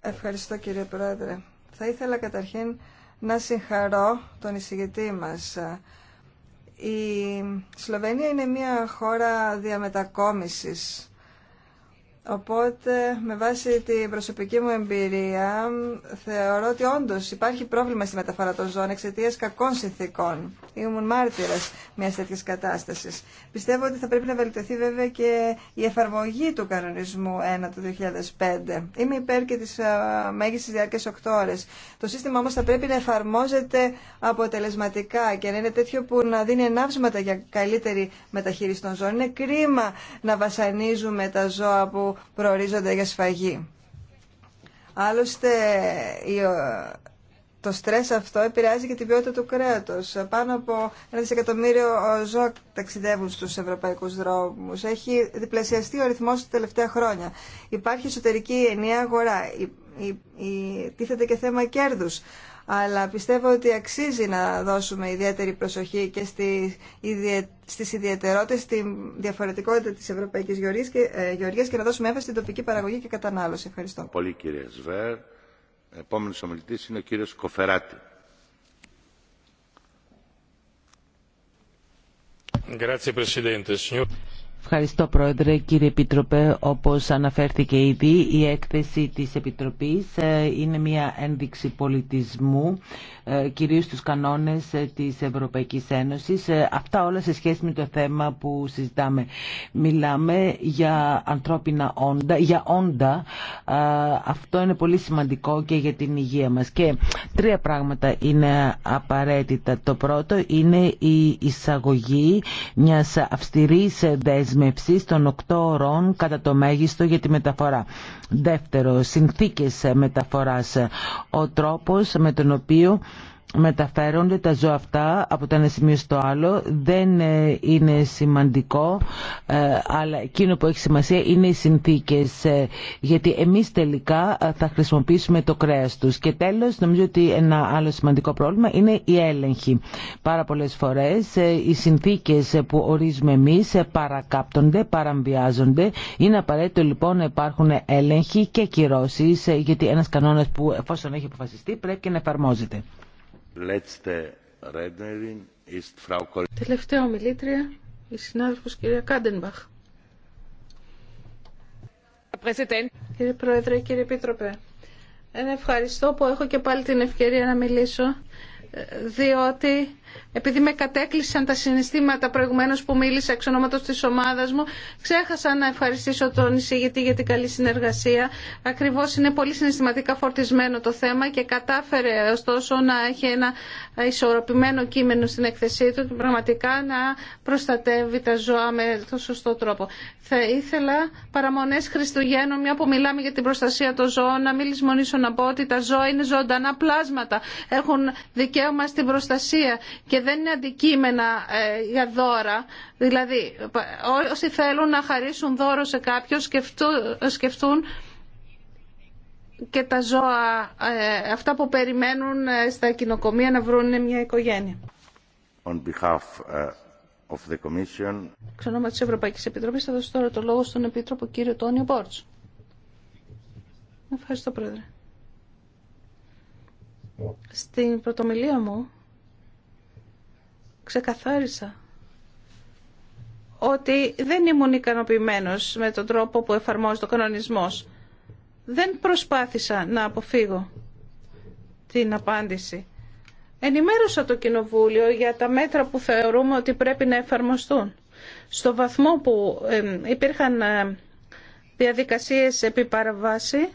Ευχαριστώ κύριε Πρόεδρε. Θα ήθελα καταρχήν να συγχαρώ τον εισηγητή μας. Η Σλοβενία είναι μια χώρα διαμετακόμισης Οπότε, με βάση την προσωπική μου εμπειρία, θεωρώ ότι όντω υπάρχει πρόβλημα στη μεταφορά των ζώων εξαιτία κακών συνθήκων. Ήμουν μάρτυρα μια τέτοια κατάσταση. Πιστεύω ότι θα πρέπει να βελτιωθεί βέβαια και η εφαρμογή του κανονισμού 1 του 2005. Είμαι υπέρ και τη μέγιστη διάρκεια 8 ώρε. Το σύστημα όμω θα πρέπει να εφαρμόζεται αποτελεσματικά και να είναι τέτοιο που να δίνει ενάψματα για καλύτερη μεταχείριση των ζώων. Είναι κρίμα να βασανίζουμε τα ζώα που προορίζονται για σφαγή. Άλλωστε, το στρες αυτό επηρεάζει και την ποιότητα του κρέατος. Πάνω από ένα δισεκατομμύριο ζώα ταξιδεύουν στους ευρωπαϊκούς δρόμους. Έχει διπλασιαστεί ο αριθμός τα τελευταία χρόνια. Υπάρχει εσωτερική ενιαία αγορά. Τίθεται και θέμα κέρδους αλλά πιστεύω ότι αξίζει να δώσουμε ιδιαίτερη προσοχή και στις ιδιαιτερότητες, στη διαφορετικότητα της Ευρωπαϊκής Γεωργίας και, ε, και να δώσουμε έμφαση στην τοπική παραγωγή και κατανάλωση. Ευχαριστώ. Πολύ κύριε Σβέρ. Επόμενος ομιλητής είναι ο κύριος Κοφεράτη. Grazie Presidente. Signor... Ευχαριστώ Πρόεδρε. Κύριε Επίτροπε, όπως αναφέρθηκε ήδη, η έκθεση της Επιτροπής ε, είναι μια ένδειξη πολιτισμού, ε, κυρίως στους κανόνες ε, της Ευρωπαϊκής Ένωσης. Αυτά όλα σε σχέση με το θέμα που συζητάμε. Μιλάμε για ανθρώπινα όντα, για όντα. Αυτό είναι πολύ σημαντικό και για την υγεία μας. Και τρία πράγματα είναι απαραίτητα. Το πρώτο είναι η εισαγωγή μιας αυστηρής δέσμης δέσμευση των 8 ώρων κατά το μέγιστο για τη μεταφορά. Δεύτερο, συνθήκες μεταφοράς, ο τρόπος με τον οποίο μεταφέρονται τα ζώα αυτά από το ένα σημείο στο άλλο δεν ε, είναι σημαντικό ε, αλλά εκείνο που έχει σημασία είναι οι συνθήκες ε, γιατί εμείς τελικά θα χρησιμοποιήσουμε το κρέας τους και τέλος νομίζω ότι ένα άλλο σημαντικό πρόβλημα είναι η έλεγχη πάρα πολλές φορές οι συνθήκες που ορίζουμε εμείς παρακάπτονται, παραμβιάζονται είναι απαραίτητο λοιπόν να υπάρχουν έλεγχοι και κυρώσεις γιατί ένας κανόνας που εφόσον έχει αποφασιστεί πρέπει και να εφαρμόζεται Τελευταία ομιλήτρια, η συνάδελφος κυρία Κάντενμπαχ. Κύριε Πρόεδρε, κύριε Επίτροπε, ε, ευχαριστώ που έχω και πάλι την ευκαιρία να μιλήσω, ε, διότι επειδή με κατέκλυσαν τα συναισθήματα προηγουμένως που μίλησα εξ ονόματος της ομάδας μου, ξέχασα να ευχαριστήσω τον εισηγητή για την καλή συνεργασία. Ακριβώς είναι πολύ συναισθηματικά φορτισμένο το θέμα και κατάφερε ωστόσο να έχει ένα ισορροπημένο κείμενο στην έκθεσή του και πραγματικά να προστατεύει τα ζώα με το σωστό τρόπο. Θα ήθελα παραμονές Χριστουγέννων, μια που μιλάμε για την προστασία των ζώων, να μην λησμονήσω να πω ότι τα ζώα είναι ζωντανά πλάσματα, έχουν δικαίωμα στην προστασία και δεν είναι αντικείμενα ε, για δώρα. Δηλαδή, όσοι θέλουν να χαρίσουν δώρο σε κάποιον σκεφτούν και τα ζώα, ε, αυτά που περιμένουν ε, στα κοινοκομεία να βρουν μια οικογένεια. On behalf of the της Ευρωπαϊκής Επιτροπής θα δώσω τώρα το λόγο στον Επίτροπο κύριο Τόνιο Μπόρτς. Ευχαριστώ Πρόεδρε. Στην πρωτομιλία μου ξεκαθάρισα ότι δεν ήμουν ικανοποιημένο με τον τρόπο που εφαρμόζει το κανονισμός. Δεν προσπάθησα να αποφύγω την απάντηση. Ενημέρωσα το Κοινοβούλιο για τα μέτρα που θεωρούμε ότι πρέπει να εφαρμοστούν. Στο βαθμό που υπήρχαν διαδικασίες επί παραβάση,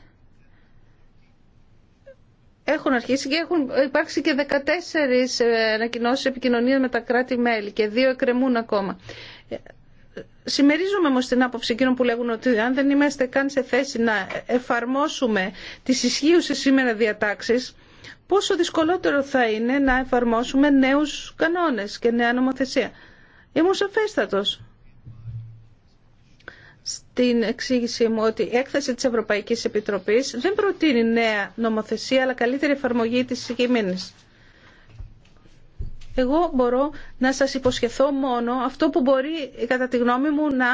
έχουν αρχίσει και έχουν υπάρξει και 14 ε, ανακοινώσει επικοινωνία με τα κράτη-μέλη και δύο εκκρεμούν ακόμα. Συμμερίζομαι όμω την άποψη εκείνων που λέγουν ότι αν δεν είμαστε καν σε θέση να εφαρμόσουμε τις ισχύουσες σήμερα διατάξεις, πόσο δυσκολότερο θα είναι να εφαρμόσουμε νέους κανόνες και νέα νομοθεσία. Ήμουν σαφέστατος στην εξήγησή μου ότι η έκθεση της Ευρωπαϊκής Επιτροπής δεν προτείνει νέα νομοθεσία αλλά καλύτερη εφαρμογή της συγκεκριμένης. Εγώ μπορώ να σας υποσχεθώ μόνο αυτό που μπορεί κατά τη γνώμη μου να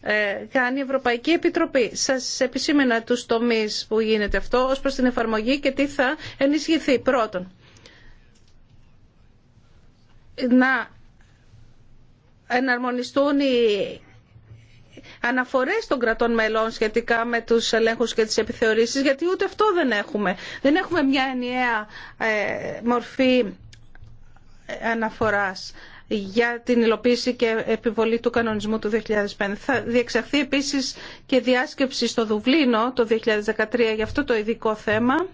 ε, κάνει η Ευρωπαϊκή Επιτροπή. Σας επισήμενα τους τομείς που γίνεται αυτό ως προς την εφαρμογή και τι θα ενισχυθεί. Πρώτον, να εναρμονιστούν οι αναφορές των κρατών μελών σχετικά με τους ελέγχους και τις επιθεωρήσεις, γιατί ούτε αυτό δεν έχουμε. Δεν έχουμε μια ενιαία ε, μορφή ε, αναφοράς για την υλοποίηση και επιβολή του κανονισμού του 2005. Θα διεξαχθεί επίσης και διάσκεψη στο Δουβλίνο το 2013 για αυτό το ειδικό θέμα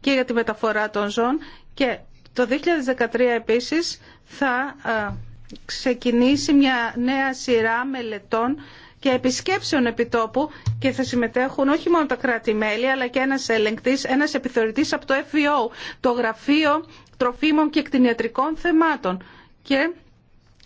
και για τη μεταφορά των ζών. και το 2013 επίσης θα ε, ξεκινήσει μια νέα σειρά μελετών και επισκέψεων επιτόπου και θα συμμετέχουν όχι μόνο τα κράτη-μέλη αλλά και ένας ελεγκτής, ένας επιθεωρητής από το FVO, το Γραφείο Τροφίμων και Εκτινιατρικών Θεμάτων. Και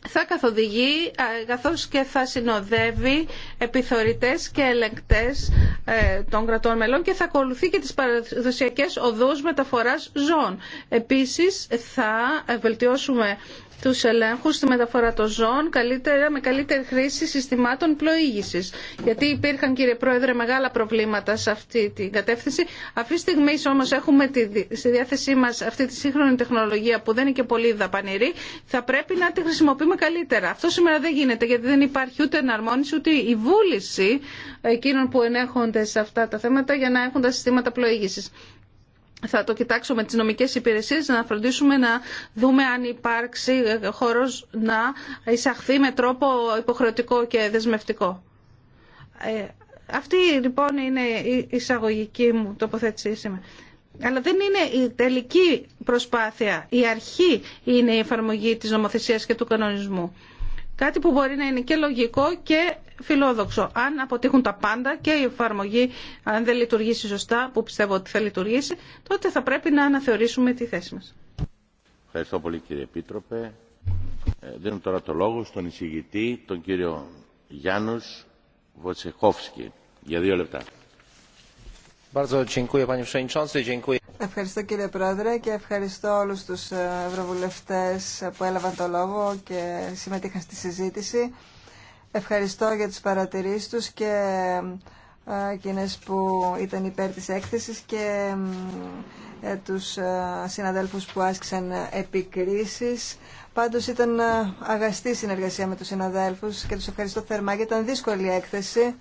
θα καθοδηγεί καθώς και θα συνοδεύει επιθεωρητές και ελεγκτές ε, των κρατών μελών και θα ακολουθεί και τις παραδοσιακές οδούς μεταφοράς ζώων. Επίσης θα βελτιώσουμε του ελέγχου στη μεταφορά των ζώων καλύτερα, με καλύτερη χρήση συστημάτων πλοήγησης. Γιατί υπήρχαν κύριε Πρόεδρε μεγάλα προβλήματα σε αυτή την κατεύθυνση. Αυτή τη στιγμή όμω έχουμε τη, στη διάθεσή μα αυτή τη σύγχρονη τεχνολογία που δεν είναι και πολύ δαπανηρή. Θα πρέπει να τη χρησιμοποιούμε καλύτερα. Αυτό σήμερα δεν γίνεται γιατί δεν υπάρχει ούτε εναρμόνιση ούτε η βούληση εκείνων που ενέχονται σε αυτά τα θέματα για να έχουν τα συστήματα πλοήγηση θα το κοιτάξουμε με τις νομικές υπηρεσίες να φροντίσουμε να δούμε αν υπάρξει ε, χώρος να εισαχθεί με τρόπο υποχρεωτικό και δεσμευτικό. Ε, αυτή λοιπόν είναι η εισαγωγική μου τοποθέτησή σήμερα. Αλλά δεν είναι η τελική προσπάθεια. Η αρχή είναι η εφαρμογή της νομοθεσίας και του κανονισμού. Κάτι που μπορεί να είναι και λογικό και φιλόδοξο. Αν αποτύχουν τα πάντα και η εφαρμογή, αν δεν λειτουργήσει σωστά, που πιστεύω ότι θα λειτουργήσει, τότε θα πρέπει να αναθεωρήσουμε τη θέση μας. Ευχαριστώ πολύ κύριε Επίτροπε. Ε, δίνω τώρα το λόγο στον εισηγητή, τον κύριο Γιάννους Βοτσεχόφσκι, για δύο λεπτά. Ευχαριστώ κύριε Πρόεδρε και ευχαριστώ όλους τους ε, ευρωβουλευτές που έλαβαν το λόγο και συμμετείχαν στη συζήτηση. Ευχαριστώ για τις παρατηρήσεις τους και ε, εκείνες που ήταν υπέρ της έκθεσης και ε, τους συναδέλφους που άσκησαν επικρίσεις. Πάντως ήταν αγαστή συνεργασία με τους συναδέλφους και τους ευχαριστώ θερμά γιατί ήταν δύσκολη έκθεση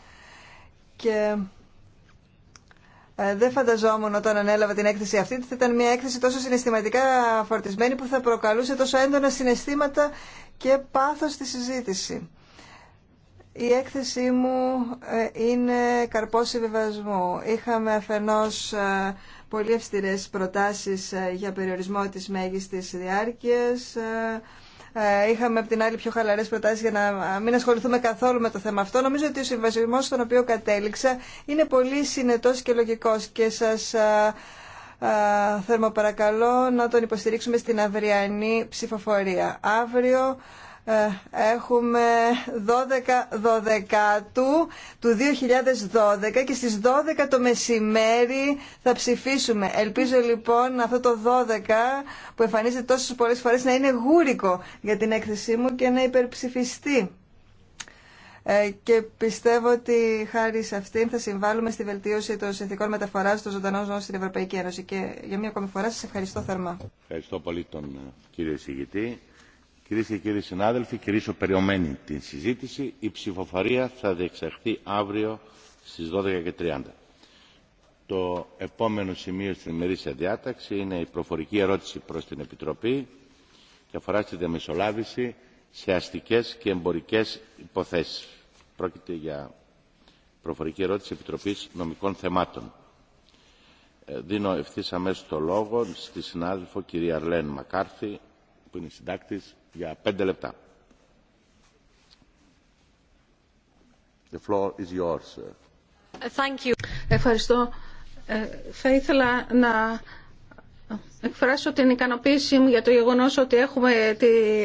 ε, δεν φανταζόμουν όταν ανέλαβα την έκθεση αυτή ότι θα ήταν μια έκθεση τόσο συναισθηματικά φορτισμένη που θα προκαλούσε τόσο έντονα συναισθήματα και πάθος στη συζήτηση. Η έκθεσή μου ε, είναι καρπός συμβιβασμού. Είχαμε αφενός ε, πολύ αυστηρές προτάσεις για περιορισμό της μέγιστης διάρκειας, ε, είχαμε από την άλλη πιο χαλαρέ προτάσει για να μην ασχοληθούμε καθόλου με το θέμα αυτό. Νομίζω ότι ο συμβασμό στον οποίο κατέληξα είναι πολύ συνετό και λογικό και σα παρακαλώ να τον υποστηρίξουμε στην αυριανή ψηφοφορία. Αύριο ε, έχουμε 12 δωδεκάτου του 2012 και στις 12 το μεσημέρι θα ψηφίσουμε. Ελπίζω λοιπόν αυτό το 12 που εμφανίζεται τόσες πολλές φορές να είναι γούρικο για την έκθεσή μου και να υπερψηφιστεί. Ε, και πιστεύω ότι χάρη σε αυτήν θα συμβάλλουμε στη βελτίωση των συνθήκων μεταφορά των ζωντανών ζώων στην Ευρωπαϊκή Ένωση. Και για μια ακόμη φορά σα ευχαριστώ θερμά. Ευχαριστώ πολύ τον ε, κύριο συγητή. Κυρίες και κύριοι συνάδελφοι, κυρίσω περιομένη την συζήτηση. Η ψηφοφορία θα διεξαχθεί αύριο στις 12.30. Το επόμενο σημείο στην ημερήσια διάταξη είναι η προφορική ερώτηση προς την Επιτροπή και αφορά στη διαμεσολάβηση σε αστικές και εμπορικές υποθέσεις. Πρόκειται για προφορική ερώτηση Επιτροπής Νομικών Θεμάτων. Ε, δίνω ευθύ αμέσω το λόγο στη συνάδελφο κυρία Αρλέν Μακάρθη, που είναι συντάκτης για πέντε λεπτά. The floor is yours. Thank you. Ευχαριστώ. Ε, θα ήθελα να εκφράσω την ικανοποίησή μου για το γεγονός ότι έχουμε τη